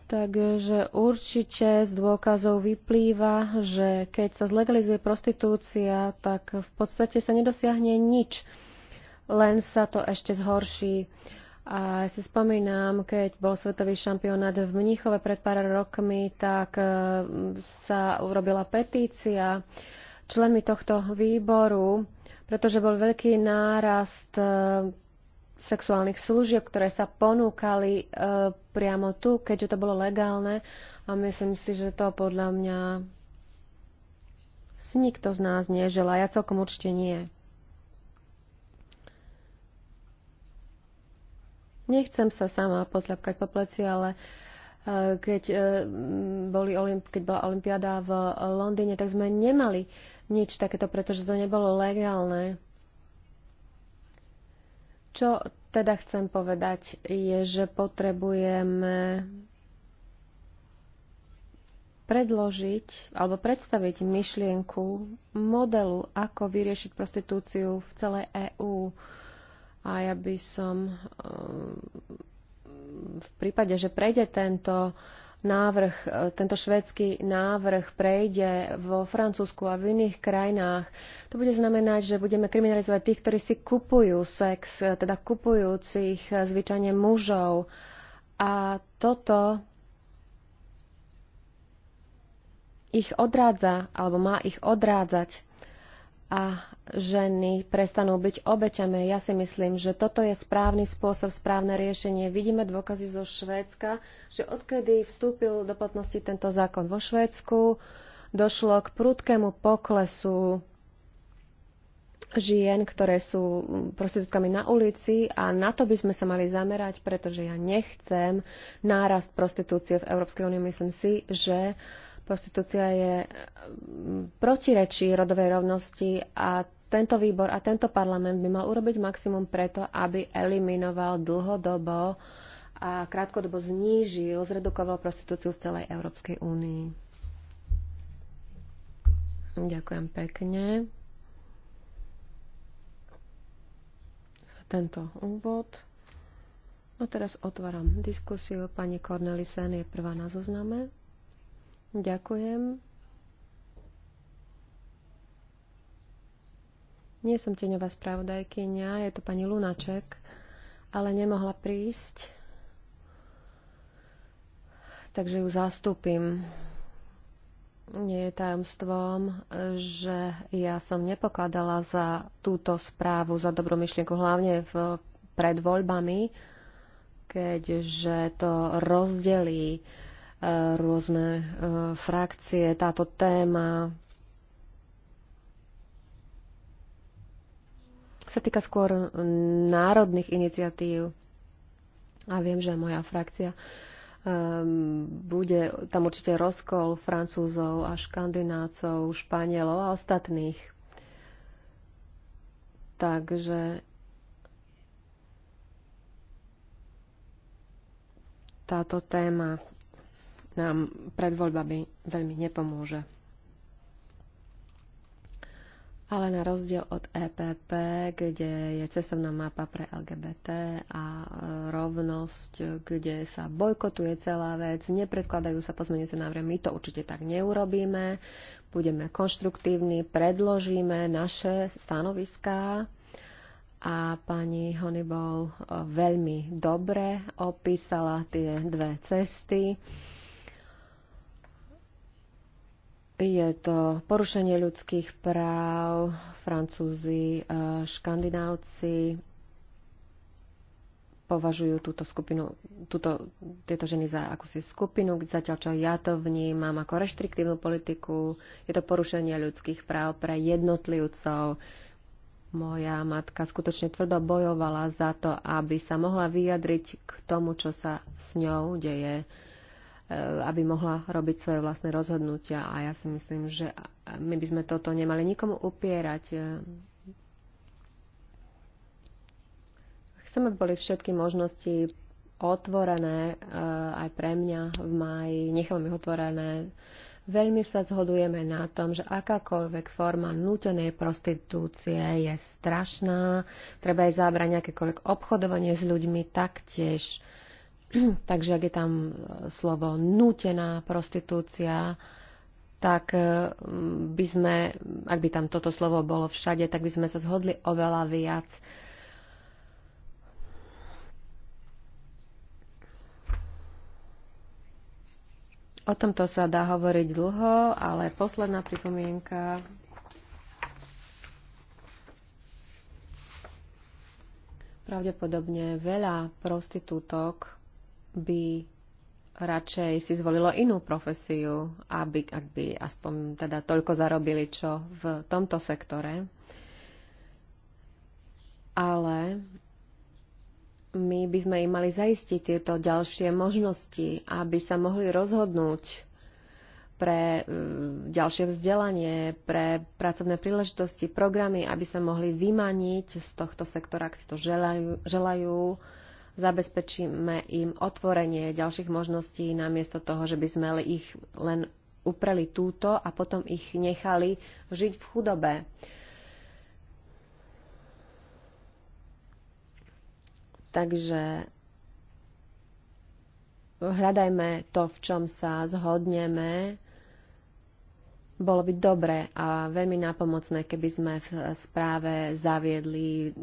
Takže určite z dôkazov vyplýva, že keď sa zlegalizuje prostitúcia, tak v podstate sa nedosiahne nič, len sa to ešte zhorší. A ja si spomínam, keď bol svetový šampionát v Mníchove pred pár rokmi, tak e, sa urobila petícia členmi tohto výboru pretože bol veľký nárast e, sexuálnych služieb, ktoré sa ponúkali e, priamo tu, keďže to bolo legálne. A myslím si, že to podľa mňa si nikto z nás nežela. Ja celkom určite nie. Nechcem sa sama potľapkať po pleci, ale e, keď, boli, keď bola Olympiáda v Londýne, tak sme nemali uh, nič takéto, pretože to nebolo legálne. Čo teda chcem povedať je, že potrebujeme predložiť alebo predstaviť myšlienku modelu, ako vyriešiť prostitúciu v celej EÚ. A ja by som ehm, v prípade, že prejde tento návrh, e, tento švédsky návrh prejde vo Francúzsku a v iných krajinách, to bude znamenať, že budeme kriminalizovať tých, ktorí si kupujú sex, e, teda kupujúcich e, zvyčajne mužov. A toto ich odrádza, alebo má ich odrádzať. A ženy prestanú byť obeťami. Ja si myslím, že toto je správny spôsob, správne riešenie. Vidíme dôkazy zo Švédska, že odkedy vstúpil do platnosti tento zákon vo Švédsku, došlo k prudkému poklesu žien, ktoré sú prostitútkami na ulici a na to by sme sa mali zamerať, pretože ja nechcem nárast prostitúcie v Európskej únii. Myslím si, že prostitúcia je protirečí rodovej rovnosti a tento výbor a tento parlament by mal urobiť maximum preto, aby eliminoval dlhodobo a krátkodobo znížil, zredukoval prostitúciu v celej Európskej únii. Ďakujem pekne za tento úvod. A teraz otváram diskusiu. Pani Cornelisen je prvá na zozname. Ďakujem. Nie som tieňová spravodajkynia, je to pani Lunaček, ale nemohla prísť, takže ju zastúpim. Nie je tajomstvom, že ja som nepokladala za túto správu, za dobrú myšlienku, hlavne v, pred voľbami, keďže to rozdelí eh, rôzne eh, frakcie, táto téma sa týka skôr národných iniciatív, a viem, že moja frakcia um, bude tam určite rozkol Francúzov a Škandinácov, Španielov a ostatných. Takže táto téma nám pred voľbami veľmi nepomôže. Ale na rozdiel od EPP, kde je cestovná mapa pre LGBT a e, rovnosť, kde sa bojkotuje celá vec, nepredkladajú sa pozmeňujúce návrhy, my to určite tak neurobíme, budeme konštruktívni, predložíme naše stanoviská a pani Honeyball e, veľmi dobre opísala tie dve cesty je to porušenie ľudských práv, Francúzi, e, Škandinávci považujú túto skupinu, túto, tieto ženy za akúsi skupinu, zatiaľ čo ja to vnímam ako reštriktívnu politiku. Je to porušenie ľudských práv pre jednotlivcov. Moja matka skutočne tvrdo bojovala za to, aby sa mohla vyjadriť k tomu, čo sa s ňou deje E, aby mohla robiť svoje vlastné rozhodnutia. A ja si myslím, že my by sme toto nemali nikomu upierať. E, Chceme, aby boli všetky možnosti otvorené e, aj pre mňa v máji. Nechám ich otvorené. Veľmi sa zhodujeme na tom, že akákoľvek forma nútenej prostitúcie je strašná. Treba aj zábrať nejakékoľvek obchodovanie s ľuďmi taktiež. Uh, Takže ak je tam e, slovo nútená prostitúcia, tak e, by sme, ak by tam toto slovo bolo všade, tak by sme sa zhodli oveľa viac. O tomto sa dá hovoriť dlho, ale posledná pripomienka. Pravdepodobne veľa prostitútok by radšej si zvolilo inú profesiu, aby, ak by aspoň teda toľko zarobili, čo v tomto sektore. Ale my by sme im mali zaistiť tieto ďalšie možnosti, aby sa mohli rozhodnúť pre mm, ďalšie vzdelanie, pre pracovné príležitosti, programy, aby sa mohli vymaniť z tohto sektora, ak si to želajú, želajú zabezpečíme im otvorenie ďalších možností namiesto toho, že by sme ich len upreli túto a potom ich nechali žiť v chudobe. Takže hľadajme to, v čom sa zhodneme. Bolo by dobre a veľmi nápomocné, keby sme v správe zaviedli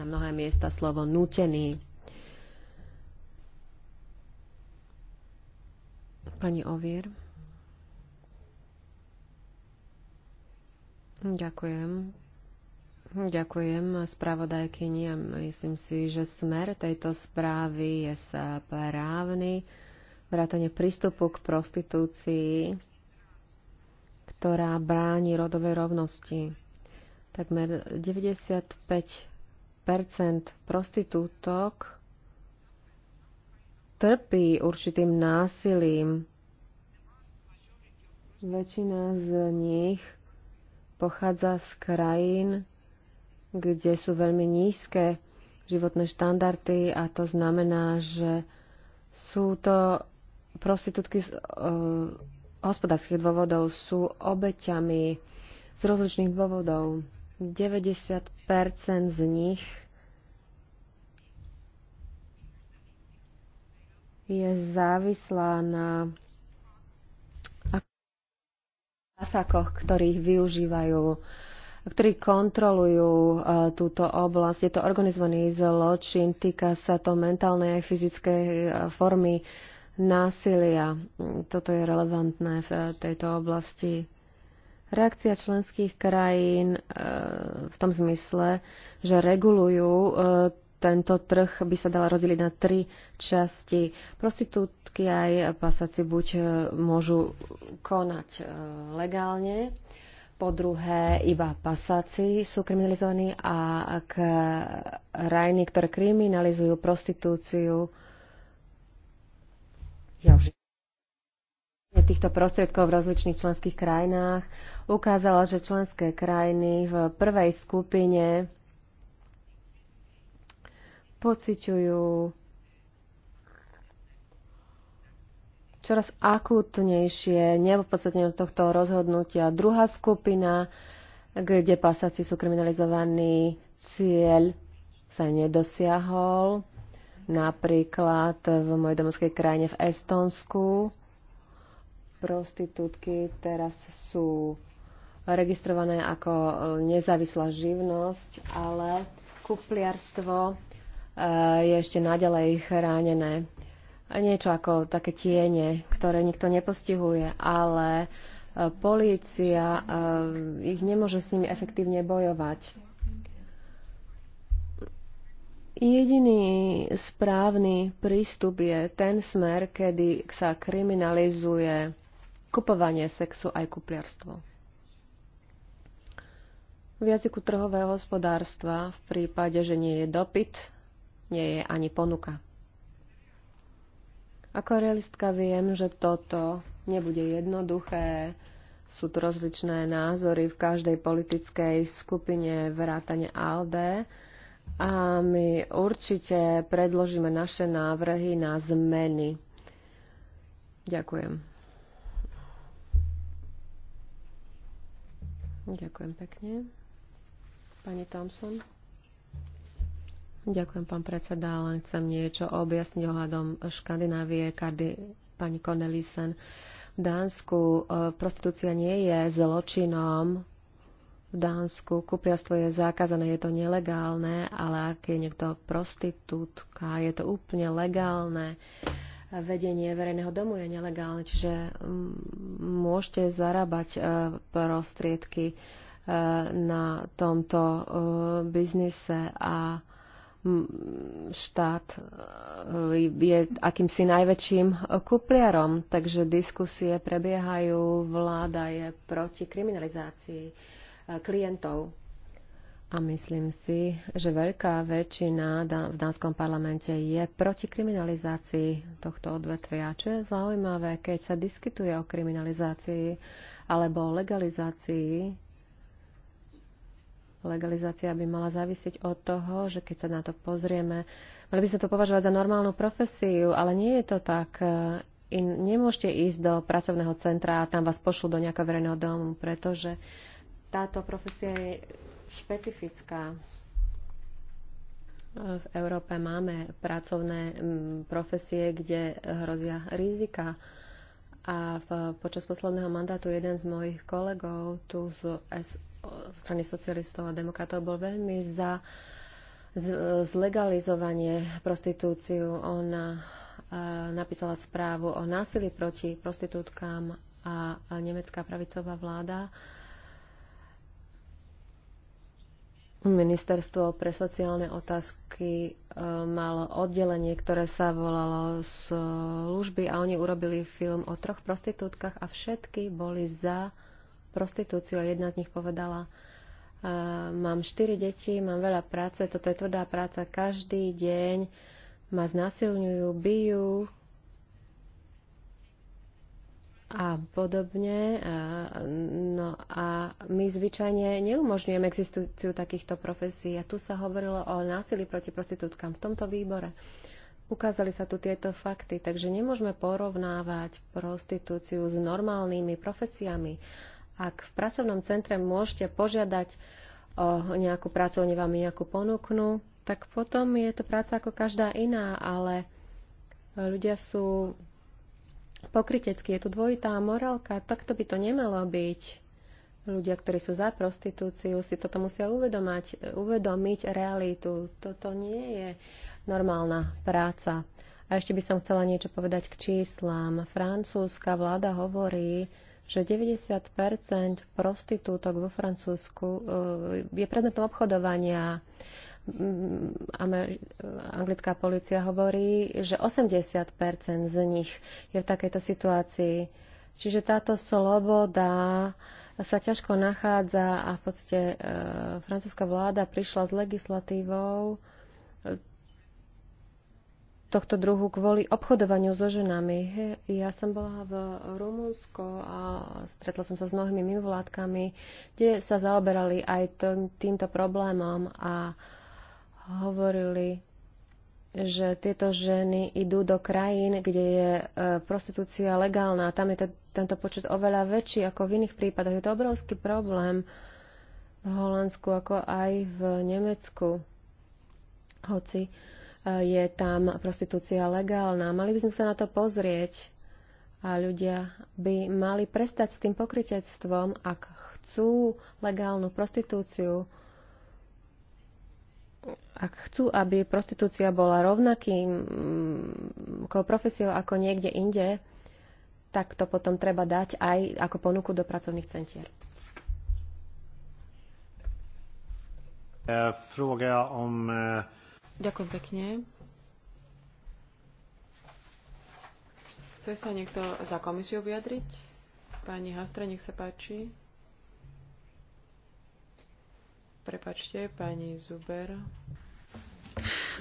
na mnohé miesta slovo nutený Pani Ovier. Ďakujem. Ďakujem spravodajkyni a myslím si, že smer tejto správy je správny. Vrátanie prístupu k prostitúcii, ktorá bráni rodovej rovnosti. Takmer 95 prostitútok trpí určitým násilím. Väčšina z nich pochádza z krajín, kde sú veľmi nízke životné štandardy a to znamená, že sú to prostitútky z uh, hospodárskych dôvodov, sú obeťami z rozličných dôvodov. 90% z nich je závislá na pasakoch, ktorých využívajú ktorí kontrolujú e, túto oblasť. Je to organizovaný zločin, týka sa to mentálnej aj fyzickej e, formy násilia. Toto je relevantné v e, tejto oblasti. Reakcia členských krajín v tom zmysle, že regulujú tento trh by sa dala rozdeliť na tri časti. Prostitútky aj pasáci buď e, môžu konať e, legálne, po druhé iba pasáci sú kriminalizovaní a ak krajiny, ktoré kriminalizujú prostitúciu, ja už týchto prostriedkov v rozličných členských krajinách ukázala, že členské krajiny v prvej skupine pociťujú čoraz akútnejšie nepodstatne od tohto rozhodnutia. Druhá skupina, kde pasáci sú kriminalizovaní, cieľ sa nedosiahol. Napríklad v mojej domovskej krajine v Estonsku prostitútky teraz sú registrované ako nezávislá živnosť, ale kupliarstvo E, je ešte naďalej chránené. Niečo ako také tiene, ktoré nikto nepostihuje, ale e, polícia e, ich nemôže s nimi efektívne bojovať. Jediný správny prístup je ten smer, kedy sa kriminalizuje kupovanie sexu aj kupliarstvo. V jazyku trhového hospodárstva v prípade, že nie je dopyt nie je ani ponuka. Ako realistka viem, že toto nebude jednoduché. Sú tu rozličné názory v každej politickej skupine vrátane ALDE a my určite predložíme naše návrhy na zmeny. Ďakujem. Ďakujem pekne. Pani Thompson. Ďakujem, pán predseda, len chcem niečo objasniť ohľadom Škandinávie, kardy pani Cornelisen. V Dánsku e, prostitúcia nie je zločinom. V Dánsku kupiastvo je zakázané, je to nelegálne, ale ak je niekto prostitútka, je to úplne legálne. Vedenie verejného domu je nelegálne, čiže mm, môžete zarábať e, prostriedky e, na tomto biznise a štát e, je akýmsi najväčším kupliarom, takže diskusie prebiehajú, vláda je proti kriminalizácii e, klientov. A myslím si, že veľká väčšina v Dánskom parlamente je proti kriminalizácii tohto odvetvia. Čo je zaujímavé, keď sa diskutuje o kriminalizácii alebo o legalizácii Legalizácia by mala závisieť od toho, že keď sa na to pozrieme, mali by sme to považovať za normálnu profesiu, ale nie je to tak. E, in, nemôžete ísť do pracovného centra a tam vás pošlú do nejakého verejného domu, pretože táto profesia je špecifická. E, v Európe máme pracovné profesie, kde hrozia rizika. A v, počas posledného mandátu jeden z mojich kolegov tu z strany socialistov a demokratov bol veľmi za zlegalizovanie prostitúciu. Ona e, napísala správu o násilí proti prostitútkám a nemecká pravicová vláda Ministerstvo pre sociálne otázky e, malo oddelenie, ktoré sa volalo služby a oni urobili film o troch prostitútkach a všetky boli za prostitúciu a jedna z nich povedala, e, mám štyri deti, mám veľa práce, toto je tvrdá práca, každý deň ma znasilňujú, bijú a podobne. E, no a my zvyčajne neumožňujeme existujúciu takýchto profesí. A tu sa hovorilo o násilí proti prostitútkam v tomto výbore. Ukázali sa tu tieto fakty, takže nemôžeme porovnávať prostitúciu s normálnymi profesiami. Ak v pracovnom centre môžete požiadať o nejakú prácu, oni vám nejakú ponúknu, tak potom je to práca ako každá iná, ale ľudia sú pokryteckí. Je tu dvojitá morálka, takto by to nemalo byť. Ľudia, ktorí sú za prostitúciu, si toto musia uvedomať, uvedomiť realitu. Toto nie je normálna práca. A ešte by som chcela niečo povedať k číslam. Francúzska vláda hovorí, že 90 prostitútok vo Francúzsku eh, je predmetom obchodovania. Mm, anglická policia hovorí, že 80 z nich je v takejto situácii. Čiže táto sloboda sa ťažko nachádza a v podstate e, francúzska vláda prišla s legislatívou, tohto druhu kvôli obchodovaniu so ženami. Ja som bola v Rumunsku a stretla som sa s mnohými mimovládkami, kde sa zaoberali aj týmto problémom a hovorili, že tieto ženy idú do krajín, kde je e, prostitúcia legálna. Tam je tento počet oveľa väčší ako v iných prípadoch. Je to obrovský problém v Holandsku ako aj v Nemecku. Hoci uh, je tam prostitúcia legálna. Mali by sme sa na to pozrieť a ľudia by mali prestať s tým pokritectvom, ak chcú legálnu prostitúciu, ak chcú, aby prostitúcia bola rovnakým mm, profesiou ako niekde inde, tak to potom treba dať aj ako ponuku do pracovných centier. Eh, fråga om eh, Ďakujem pekne. Chce sa niekto za komisiu vyjadriť? Pani Hastre, nech sa páči. Prepačte, pani Zuber.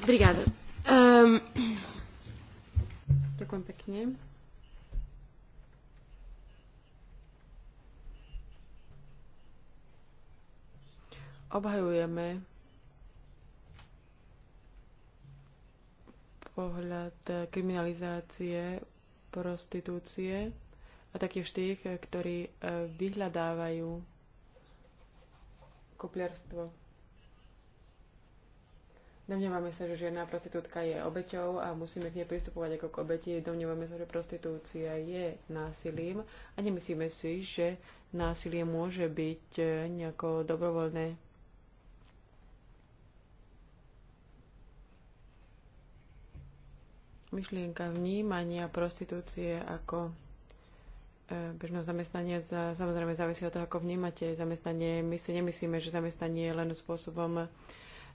Brigáda. Um... Ďakujem pekne. Obhajujeme pohľad kriminalizácie prostitúcie a taktiež tých, ktorí e, vyhľadávajú kopliarstvo. Domnievame sa, že žiadna prostitútka je obeťou a musíme k nej pristupovať ako k obeti. Domnievame sa, že prostitúcia je násilím a nemyslíme si, že násilie môže byť e, nejako dobrovoľné myšlienka vnímania prostitúcie ako e, bežného zamestnania za, samozrejme závisí od toho, ako vnímate zamestnanie. My si nemyslíme, že zamestnanie je len spôsobom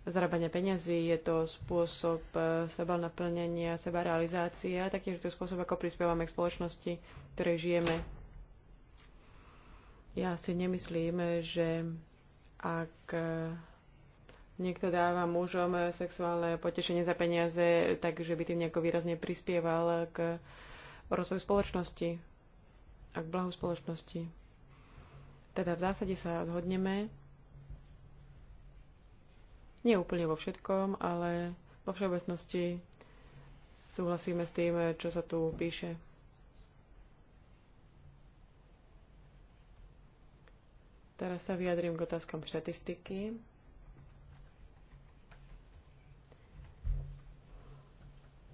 zarábania peňazí, je to spôsob e, seba naplnenia, seba realizácia, taktiež to je spôsob, ako prispievame k spoločnosti, v ktorej žijeme. Ja si nemyslím, že ak e, niekto dáva mužom sexuálne potešenie za peniaze, takže by tým nejako výrazne prispieval k rozvoju spoločnosti a k blahu spoločnosti. Teda v zásade sa zhodneme, nie úplne vo všetkom, ale vo všeobecnosti súhlasíme s tým, čo sa tu píše. Teraz sa vyjadrím k otázkam štatistiky.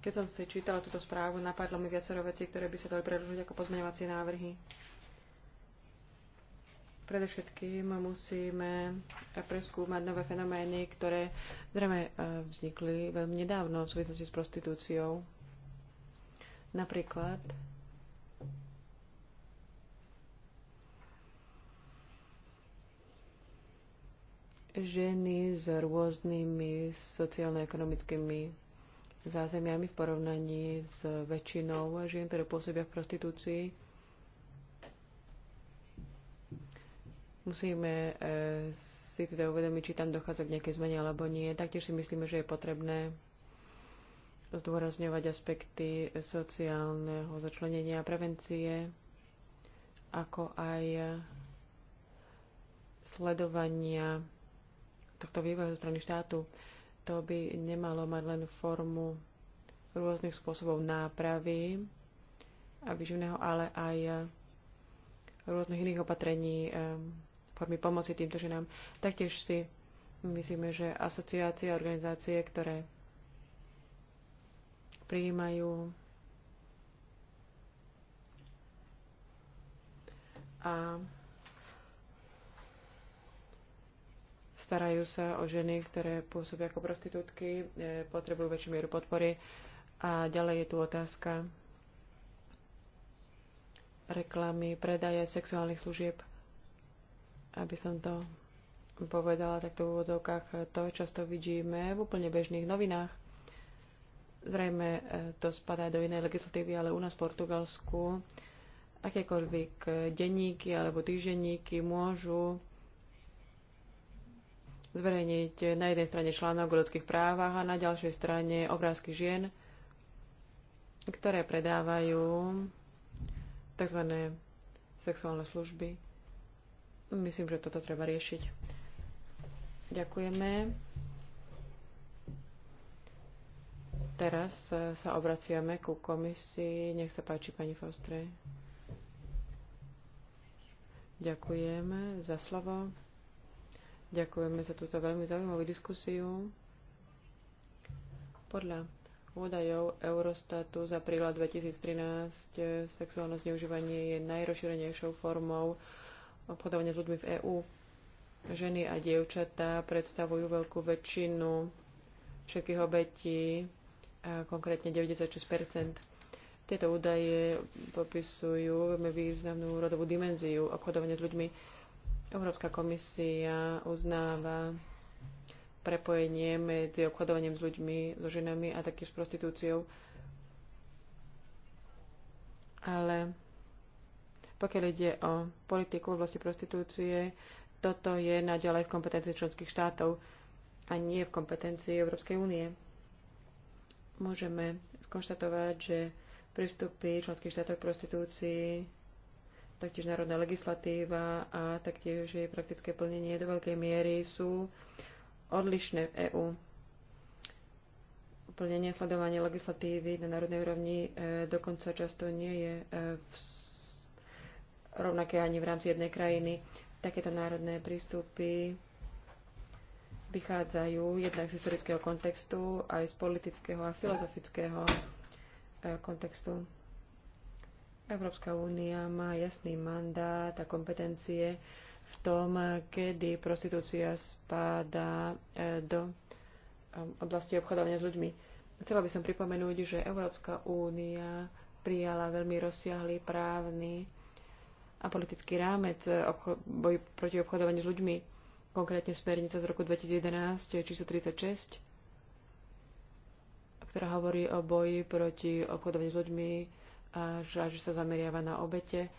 Keď som si čítala túto správu, napadlo mi viacero vecí, ktoré by sa dali predložiť ako pozmeňovacie návrhy. Predovšetkým musíme preskúmať nové fenomény, ktoré zrejme e, vznikli veľmi nedávno v súvislosti s prostitúciou. Napríklad ženy s rôznymi sociálno-ekonomickými zázemiami v porovnaní s väčšinou žien, ktoré pôsobia v prostitúcii. Musíme e, si teda uvedomiť, či tam dochádza k nejakej zmene alebo nie. Taktiež si myslíme, že je potrebné zdôrazňovať aspekty sociálneho začlenenia a prevencie, ako aj sledovania tohto vývoja zo strany štátu to by nemalo mať len formu rôznych spôsobov nápravy a vyživného, ale aj e, rôznych iných opatrení, e, formy pomoci týmto ženám. Taktiež si myslíme, že asociácie a organizácie, ktoré prijímajú a starajú sa o ženy, ktoré pôsobia ako prostitútky, e, potrebujú väčšiu mieru podpory. A ďalej je tu otázka reklamy, predaje sexuálnych služieb. Aby som to povedala takto v úvodzovkách, to často vidíme v úplne bežných novinách. Zrejme e, to spadá do inej legislatívy, ale u nás v Portugalsku akékoľvek denníky alebo týždenníky môžu zverejniť na jednej strane článok o ľudských právach a na ďalšej strane obrázky žien, ktoré predávajú tzv. sexuálne služby. Myslím, že toto treba riešiť. Ďakujeme. Teraz sa obraciame ku komisii. Nech sa páči, pani Fostre. Ďakujem za slovo. Ďakujeme za túto veľmi zaujímavú diskusiu. Podľa údajov Eurostatu za príklad 2013 sexuálne zneužívanie je najrozšírenejšou formou obchodovania s ľuďmi v EÚ. Ženy a dievčatá predstavujú veľkú väčšinu všetkých obetí, konkrétne 96 Tieto údaje popisujú veľmi významnú rodovú dimenziu obchodovania s ľuďmi Európska komisia uznáva prepojenie medzi obchodovaním s ľuďmi, so ženami a taktiež s prostitúciou. Ale pokiaľ ide o politiku v oblasti prostitúcie, toto je naďalej v kompetencii členských štátov a nie v kompetencii Európskej únie. Môžeme skonštatovať, že prístupy členských štátov k prostitúcii taktiež národná legislatíva a taktiež jej praktické plnenie do veľkej miery sú odlišné v EÚ. Plnenie sledovanie legislatívy na národnej úrovni e, dokonca často nie je e, v, rovnaké ani v rámci jednej krajiny. Takéto národné prístupy vychádzajú jednak z historického kontextu, aj z politického a filozofického e, kontextu. Európska únia má jasný mandát a kompetencie v tom, kedy prostitúcia spadá e, do e, oblasti obchodovania s ľuďmi. Chcela by som pripomenúť, že Európska únia prijala veľmi rozsiahly právny a politický rámec e, boj proti obchodovaniu s ľuďmi, konkrétne smernica z roku 2011 číslo 36, ktorá hovorí o boji proti obchodovaniu s ľuďmi a že sa zameriava na obete.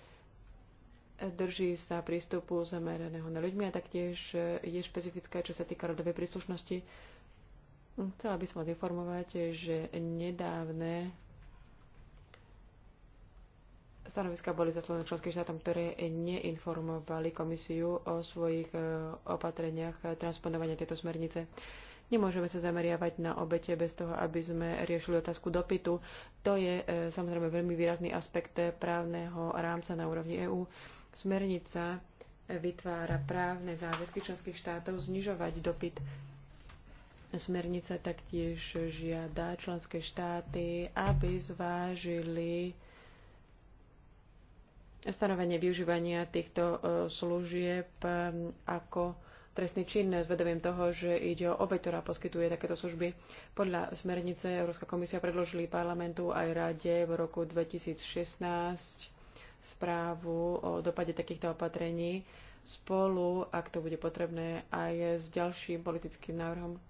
Drží sa prístupu zameraného na ľuďmi a taktiež e, je špecifická, čo sa týka rodovej príslušnosti. Chcela by som vás informovať, že nedávne stanoviska boli zaslané členským štátom, ktoré neinformovali komisiu o svojich e, opatreniach e, transponovania tejto smernice. Nemôžeme sa zameriavať na obete bez toho, aby sme riešili otázku dopytu. To je e, samozrejme veľmi výrazný aspekt právneho rámca na úrovni EÚ. Smernica vytvára právne záväzky členských štátov znižovať dopyt. Smernica taktiež žiada členské štáty, aby zvážili stanovenie využívania týchto e, služieb ako trestný čin s vedomím toho, že ide o obeď, ktorá poskytuje takéto služby. Podľa smernice Európska komisia predložili parlamentu aj rade v roku 2016 správu o dopade takýchto opatrení spolu, ak to bude potrebné, aj s ďalším politickým návrhom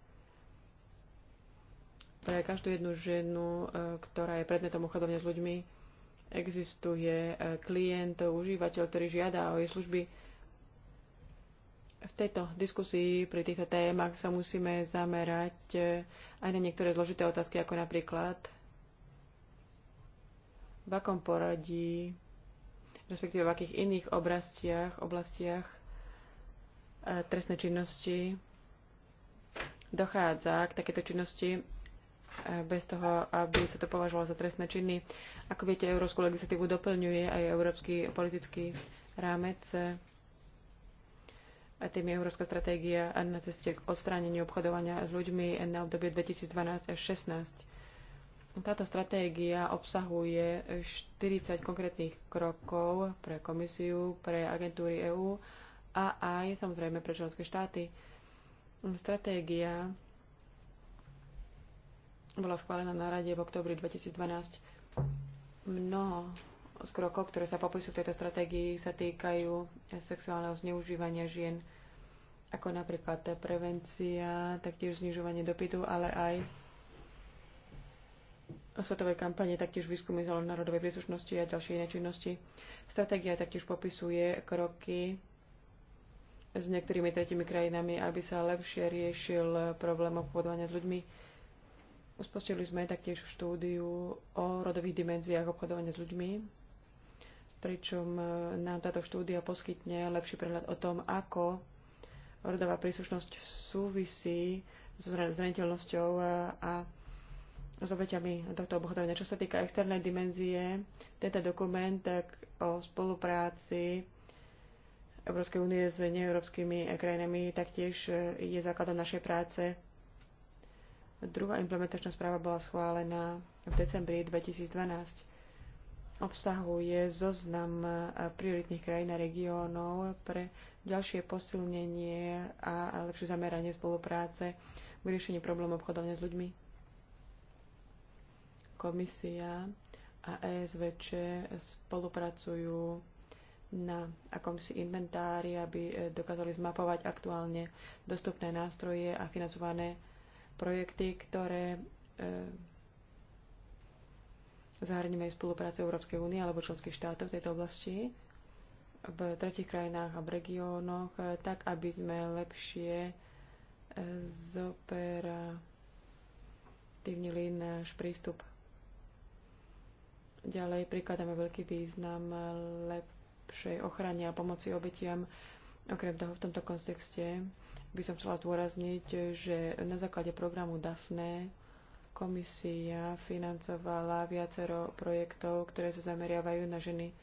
pre každú jednu ženu, e, ktorá je predmetom uchodovne s ľuďmi, existuje e, klient, užívateľ, ktorý žiada o jej služby v tejto diskusii pri týchto témach sa musíme zamerať eh, aj na niektoré zložité otázky, ako napríklad v akom poradí, respektíve v akých iných oblastiach, oblastiach eh, trestnej činnosti dochádza k takéto činnosti eh, bez toho, aby sa to považovalo za trestné činy. Ako viete, európsku legislatívu doplňuje aj európsky politický rámec a tým je Európska stratégia na ceste k odstráneniu obchodovania s ľuďmi na obdobie 2012 až 2016. Táto stratégia obsahuje 40 konkrétnych krokov pre komisiu, pre agentúry EÚ a aj samozrejme pre členské štáty. Stratégia bola schválená na rade v oktobri 2012. Mnoho z krokov, ktoré sa popisujú v tejto stratégii, sa týkajú sexuálneho zneužívania žien, ako napríklad prevencia, taktiež znižovanie dopytu, ale aj osvetovej kampane, taktiež výskumy zelen národovej príslušnosti a ďalšie iné činnosti. Stratégia taktiež popisuje kroky s niektorými tretimi krajinami, aby sa lepšie riešil problém obchodovania s ľuďmi. Uspostili sme taktiež štúdiu o rodových dimenziách obchodovania s ľuďmi pričom e, nám táto štúdia poskytne lepší prehľad o tom, ako rodová príslušnosť súvisí s zraniteľnosťou e, a s obeťami tohto obchodovania. Čo sa týka externej dimenzie, tento dokument tak e, o spolupráci Európskej únie s neeurópskymi krajinami taktiež je základom našej práce. Druhá implementačná správa bola schválená v decembri 2012 obsahuje zoznam e, prioritných krajín a regiónov pre ďalšie posilnenie a lepšie zameranie spolupráce v riešení problémov obchodovania s ľuďmi. Komisia a ESVČ spolupracujú na akomsi inventári, aby e, dokázali zmapovať aktuálne dostupné nástroje a financované projekty, ktoré e, zahrňme aj spoluprácu Európskej únie alebo členských štátov v tejto oblasti v tretich krajinách a v regiónoch, tak aby sme lepšie e, zoperatívnili náš prístup. Ďalej prikladáme veľký význam lepšej ochrane a pomoci obetiam. Okrem toho v tomto kontexte by som chcela zdôrazniť, že na základe programu DAFNE Komisia financovala viacero projektov, ktoré sa zameriavajú na ženy v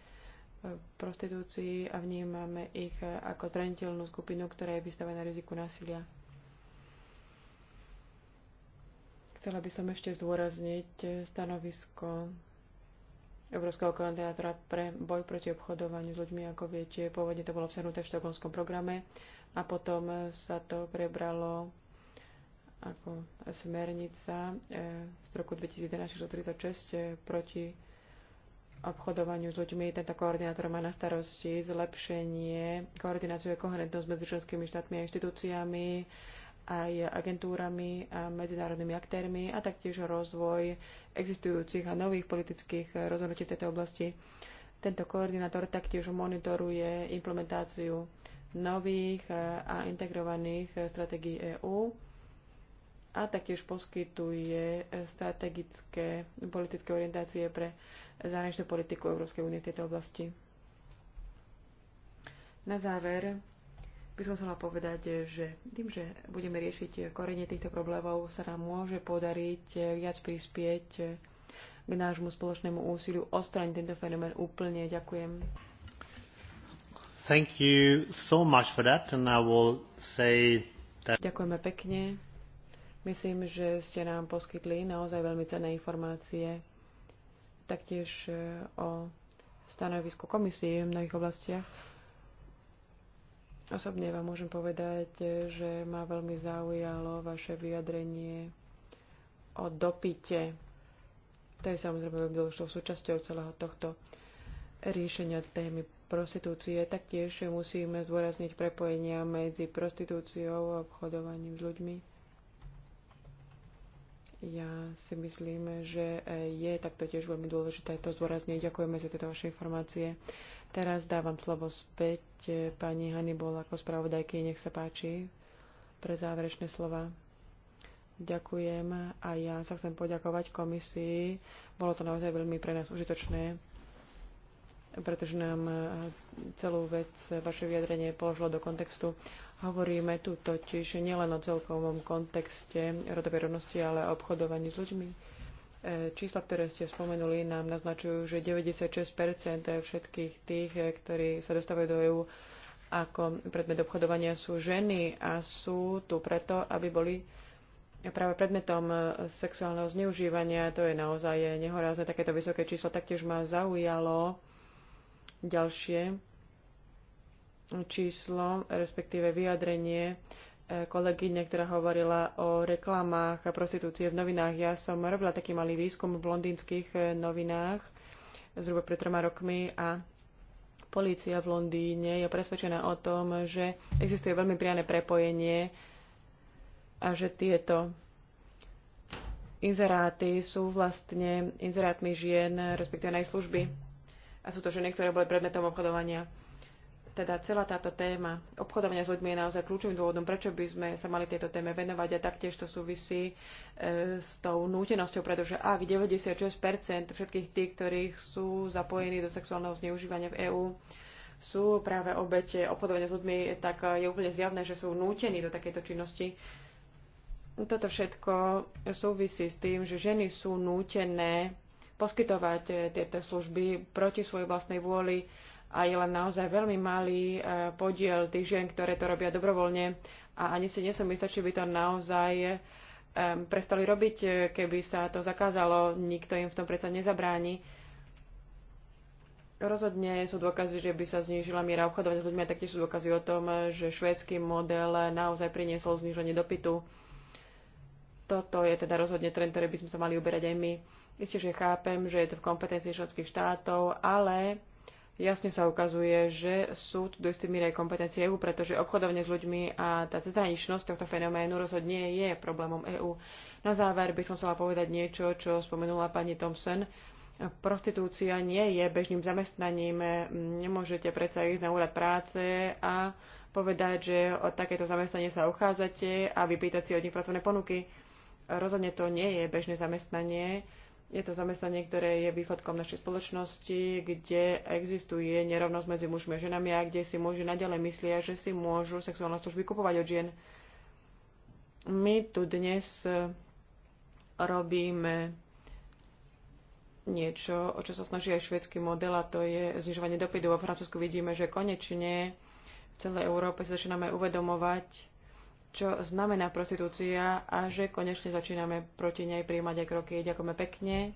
e, prostitúcii a vnímame ich e, ako zraniteľnú skupinu, ktorá je vystavená riziku násilia. Chcela by som ešte zdôrazniť e, stanovisko Európskeho koordinátora pre boj proti obchodovaniu s ľuďmi, ako viete, pôvodne to bolo obsahnuté v štokholmskom programe a potom sa to prebralo ako smernica e, z roku 2011-36 e, proti obchodovaniu s ľuďmi. Tento koordinátor má na starosti zlepšenie koordináciu a koherentnosť medzi členskými štátmi a inštitúciami, aj agentúrami a medzinárodnými aktérmi a taktiež rozvoj existujúcich a nových politických rozhodnutí v tejto oblasti. Tento koordinátor taktiež monitoruje implementáciu nových a integrovaných stratégií EÚ a taktiež poskytuje strategické politické orientácie pre zahraničnú politiku Európskej únie v tejto oblasti. Na záver by som chcela povedať, že tým, že budeme riešiť korenie týchto problémov, sa nám môže podariť viac prispieť k nášmu spoločnému úsiliu odstrániť tento fenomén úplne. Ďakujem. Thank you so much for that and I will say that... Ďakujeme pekne. Myslím, že ste nám poskytli naozaj veľmi cenné informácie taktiež e, o stanovisku komisie v mnohých oblastiach. Osobne vám môžem povedať, e, že ma veľmi zaujalo vaše vyjadrenie o dopite. To je samozrejme veľmi dôležitou súčasťou celého tohto riešenia témy prostitúcie. Taktiež musíme zdôrazniť prepojenia medzi prostitúciou a obchodovaním s ľuďmi. Ja si myslím, že e, je takto tiež veľmi dôležité to zdôrazniť. Ďakujeme za tieto vaše informácie. Teraz dávam slovo späť e, pani Hannibal ako spravodajky. Nech sa páči pre záverečné slova. Ďakujem a ja sa chcem poďakovať komisii. Bolo to naozaj veľmi pre nás užitočné, pretože nám e, celú vec vaše vyjadrenie položilo do kontextu. Hovoríme tu totiž nielen o celkovom kontexte rodovej rovnosti, ale o obchodovaní s ľuďmi. E, čísla, ktoré ste spomenuli, nám naznačujú, že 96 všetkých tých, e, ktorí sa dostávajú do EÚ ako predmet obchodovania, sú ženy a sú tu preto, aby boli práve predmetom e, sexuálneho zneužívania. To je naozaj nehorázne takéto vysoké číslo. Taktiež ma zaujalo ďalšie číslo, respektíve vyjadrenie e, kolegyne, ktorá hovorila o reklamách a prostitúcie v novinách. Ja som robila taký malý výskum v londýnskych e, novinách zhruba pred troma rokmi a Polícia v Londýne je presvedčená o tom, že existuje veľmi priame prepojenie a že tieto inzeráty sú vlastne inzerátmi žien, respektíve aj služby. A sú to ženy, ktoré boli predmetom obchodovania teda celá táto téma obchodovania s ľuďmi je naozaj kľúčovým dôvodom, prečo by sme sa mali tejto téme venovať a taktiež to súvisí e, s tou nútenosťou, pretože ak 96% všetkých tých, ktorých sú zapojení do sexuálneho zneužívania v EÚ, sú práve obete obchodovania s ľuďmi, tak je úplne zjavné, že sú nútení do takejto činnosti. Toto všetko súvisí s tým, že ženy sú nútené poskytovať e, tieto služby proti svojej vlastnej vôli a je len naozaj veľmi malý e, podiel tých žien, ktoré to robia dobrovoľne a ani si nesom istá, či by to naozaj e, prestali robiť, e, keby sa to zakázalo. Nikto im v tom predsa nezabráni. Rozhodne sú dôkazy, že by sa znížila miera obchodovania s ľuďmi a taktiež sú dôkazy o tom, že švédsky model naozaj priniesol zníženie dopytu. Toto je teda rozhodne trend, ktorý by sme sa mali uberať aj my. Isté, že chápem, že je to v kompetencii členských štátov, ale jasne sa ukazuje, že sú tu do istej miery kompetencie EÚ, pretože obchodovanie s ľuďmi a tá cezhraničnosť tohto fenoménu rozhodne je problémom EÚ. Na záver by som chcela povedať niečo, čo spomenula pani Thompson. Prostitúcia nie je bežným zamestnaním. Nemôžete predsa ísť na úrad práce a povedať, že o takéto zamestnanie sa uchádzate a vypýtať si od nich pracovné ponuky. Rozhodne to nie je bežné zamestnanie je to zamestnanie, ktoré je výsledkom našej spoločnosti, kde existuje nerovnosť medzi mužmi a ženami a kde si muži naďalej myslia, že si môžu sexuálne služby kupovať od žien. My tu dnes e, robíme niečo, o čo sa snaží aj švedský model, a to je znižovanie dopytu. Vo Francúzsku vidíme, že konečne v celej Európe sa začíname uvedomovať, čo znamená prostitúcia a že konečne začíname proti nej príjmať aj kroky. Ďakujeme pekne.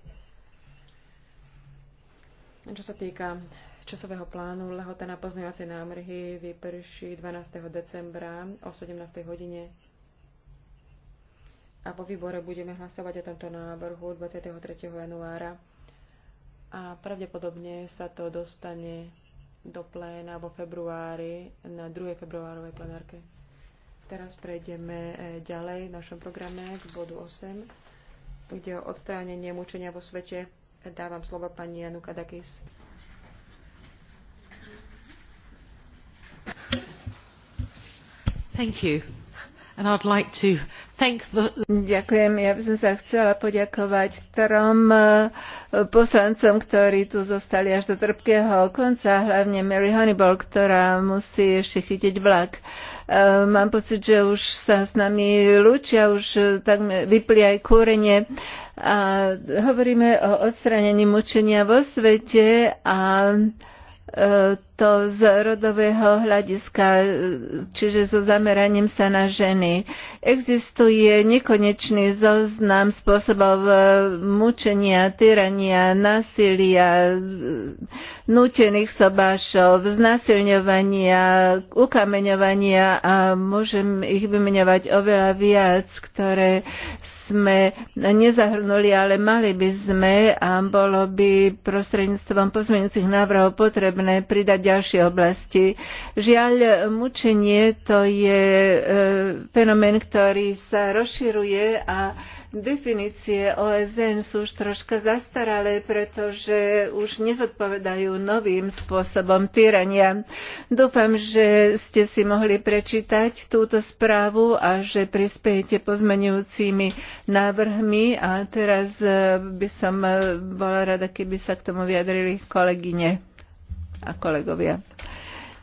Čo sa týka časového plánu, lehota na pozmeňovacie námrhy vyprší 12. decembra o 17. hodine. A po výbore budeme hlasovať o tomto návrhu 23. januára. A pravdepodobne sa to dostane do pléna vo februári, na 2. februárovej plenárke. Teraz prejdeme e, ďalej v našom programe k bodu 8. kde o odstránenie mučenia vo svete. Dávam slovo pani Janu Kadakis. Thank you. Ďakujem. Ja by som sa chcela poďakovať trom eh, poslancom, ktorí tu zostali až do trpkého konca, hlavne Mary Honeyball, ktorá musí ešte chytiť vlak. Eh, mám pocit, že už sa s nami lúčia, už eh, tak vypli aj kúrenie a hovoríme o odstranení mučenia vo svete a E, to z rodového hľadiska, e, čiže so zameraním sa na ženy. Existuje nekonečný zoznam spôsobov e, mučenia, tyrania, násilia, nutených sobášov, znásilňovania, ukameňovania a môžem ich vymenovať oveľa viac, ktoré sme nezahrnuli, ale mali by sme a bolo by prostredníctvom pozmeňujúcich návrhov potrebné pridať ďalšie oblasti. Žiaľ, mučenie to je e, fenomén, ktorý sa rozširuje a Definície OSN sú už troška zastaralé, pretože už nezodpovedajú novým spôsobom týrania. Dúfam, že ste si mohli prečítať túto správu a že prispiejete pozmenujúcimi návrhmi. A teraz e, by som e, bola rada, keby sa k tomu vyjadrili kolegyne a kolegovia.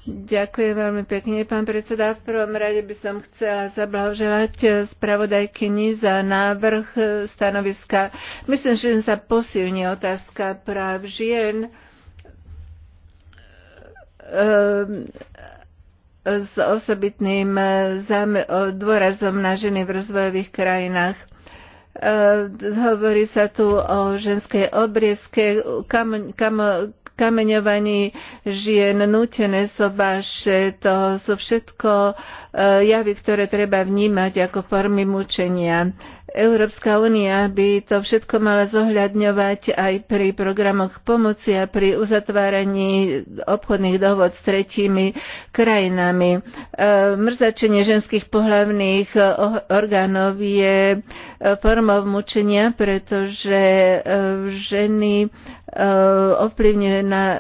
Ďakujem veľmi pekne, pán predseda. V prvom rade by som chcela zablahoželať eh, spravodajkyni za návrh eh, stanoviska. Myslím, že sa posilní otázka práv žien eh, s osobitným dôrazom na ženy v rozvojových krajinách hovorí sa tu o ženskej obriezke, kam, kam, kameňovaní žien, nutené sobaše, to sú všetko eh, javy, ktoré treba vnímať ako formy mučenia. Európska únia by to všetko mala zohľadňovať aj pri programoch pomoci a pri uzatváraní obchodných dohod s tretími krajinami. Eh, mrzačenie ženských pohlavných eh, orgánov je formou mučenia, pretože ženy Eh, ovplyvňuje na eh,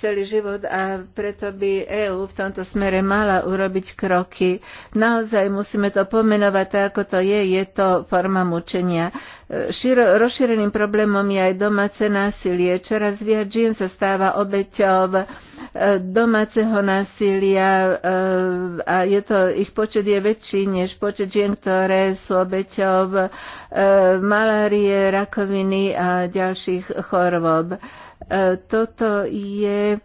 celý život a preto by EÚ v tomto smere mala urobiť kroky. Naozaj musíme to pomenovať tak, ako to je. Je to forma mučenia rozšíreným problémom je aj domáce násilie. Čoraz viac žien sa stáva obeťov e, domáceho násilia e, a je to, ich počet je väčší než počet žien, ktoré sú obeťov, e, malárie, rakoviny a ďalších chorôb. Toto je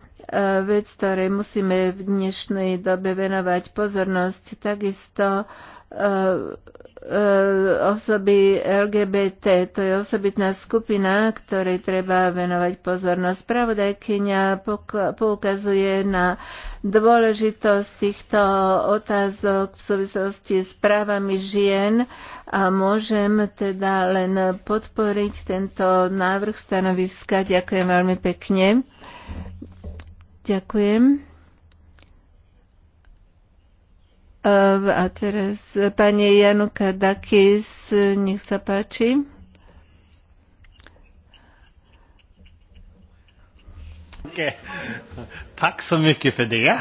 vec, ktorej musíme v dnešnej dobe venovať pozornosť. Takisto Eh, osoby LGBT. To je osobitná skupina, ktorej treba venovať pozornosť. Spravodajkynia poukazuje na dôležitosť týchto otázok v súvislosti s právami žien a môžem teda len podporiť tento návrh stanoviska. Ďakujem veľmi pekne. Ďakujem. Ehm, a teraz pani Januka Dakis, nech sa páči. Tak som Wikipedia.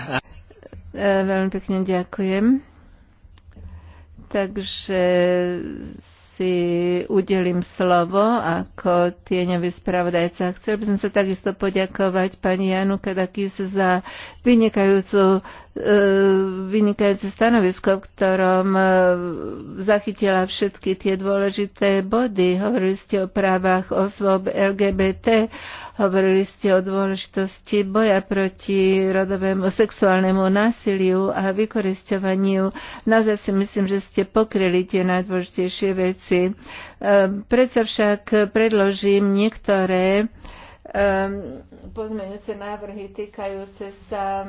Ehm, veľmi pekne ďakujem. Takže si udelím slovo ako tieňový spravodajca. Chcel by som sa takisto poďakovať pani Janu Kadakis za vynikajúcu, e, vynikajúce stanovisko, v ktorom e, zachytila všetky tie dôležité body. Hovorili ste o právach osôb LGBT, Hovorili ste o dôležitosti boja proti rodovému sexuálnemu násiliu a vykoristovaniu. Naozaj si myslím, že ste pokryli tie najdôležitejšie veci. Ehm, predsa však predložím niektoré um, pozmeňujúce návrhy týkajúce sa um,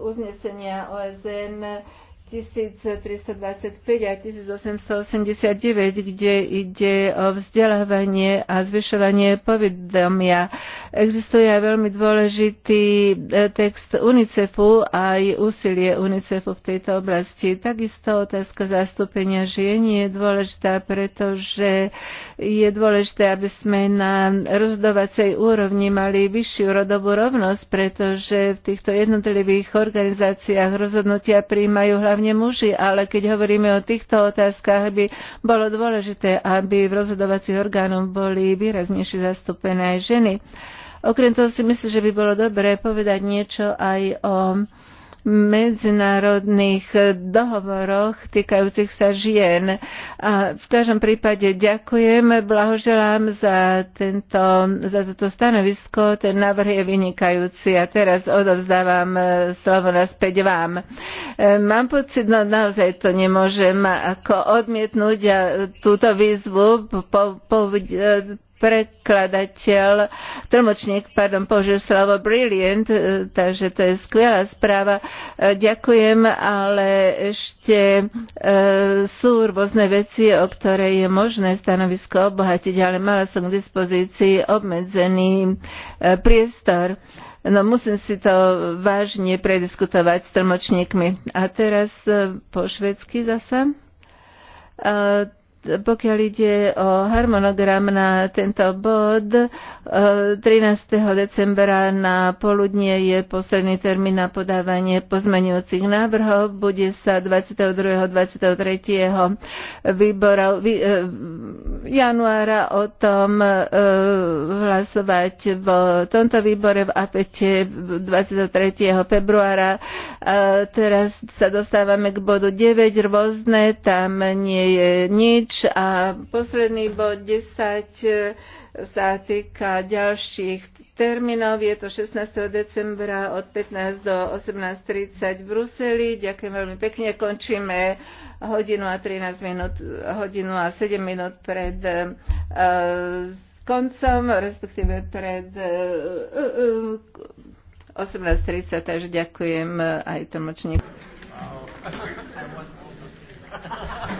uznesenia OSN 1325 a 1889, kde ide o vzdelávanie a zvyšovanie povedomia. Existuje aj veľmi dôležitý e, text UNICEFu a aj úsilie UNICEFu v tejto oblasti. Takisto otázka zastúpenia žien je dôležitá, pretože je dôležité, aby sme na rozhodovacej úrovni mali vyššiu rodovú rovnosť, pretože v týchto jednotlivých organizáciách rozhodnutia príjmajú hlavne hlavne muži, ale keď hovoríme o týchto otázkach, by bolo dôležité, aby v rozhodovacích orgánoch boli výraznejšie zastúpené aj ženy. Okrem toho si myslím, že by bolo dobré povedať niečo aj o medzinárodných dohovoroch týkajúcich sa žien. A v každom prípade ďakujem, blahoželám za, tento, za toto stanovisko, ten návrh je vynikajúci a teraz odovzdávam e, slovo naspäť vám. E, mám pocit, no naozaj to nemôžem ako odmietnúť e, túto výzvu po, po, prekladateľ, tlmočník, pardon, použil slovo brilliant, e, takže to je skvelá správa. E, ďakujem, ale ešte e, sú rôzne veci, o ktoré je možné stanovisko obohatiť, ale mala som k dispozícii obmedzený priestor. No musím si to vážne prediskutovať s tlmočníkmi. A teraz po švedsky zase? pokiaľ ide o harmonogram na tento bod, 13. E, decembra na poludnie je posledný termín na podávanie pozmeňujúcich návrhov. Bude sa 22. 23. Výbora, vý, e, januára o tom e, hlasovať v tomto výbore v APETE 23. februára. Teraz sa dostávame k bodu 9 rôzne, tam nie je nič nič. A posledný bod 10 e, sa týka ďalších termínov. Je to 16. decembra od 15 do 18.30 v Bruseli. Ďakujem veľmi pekne. Končíme hodinu a 13 minút, hodinu a 7 minút pred uh, koncom, respektíve pred uh, uh, 18.30, takže ďakujem aj tlmočníkom. Wow.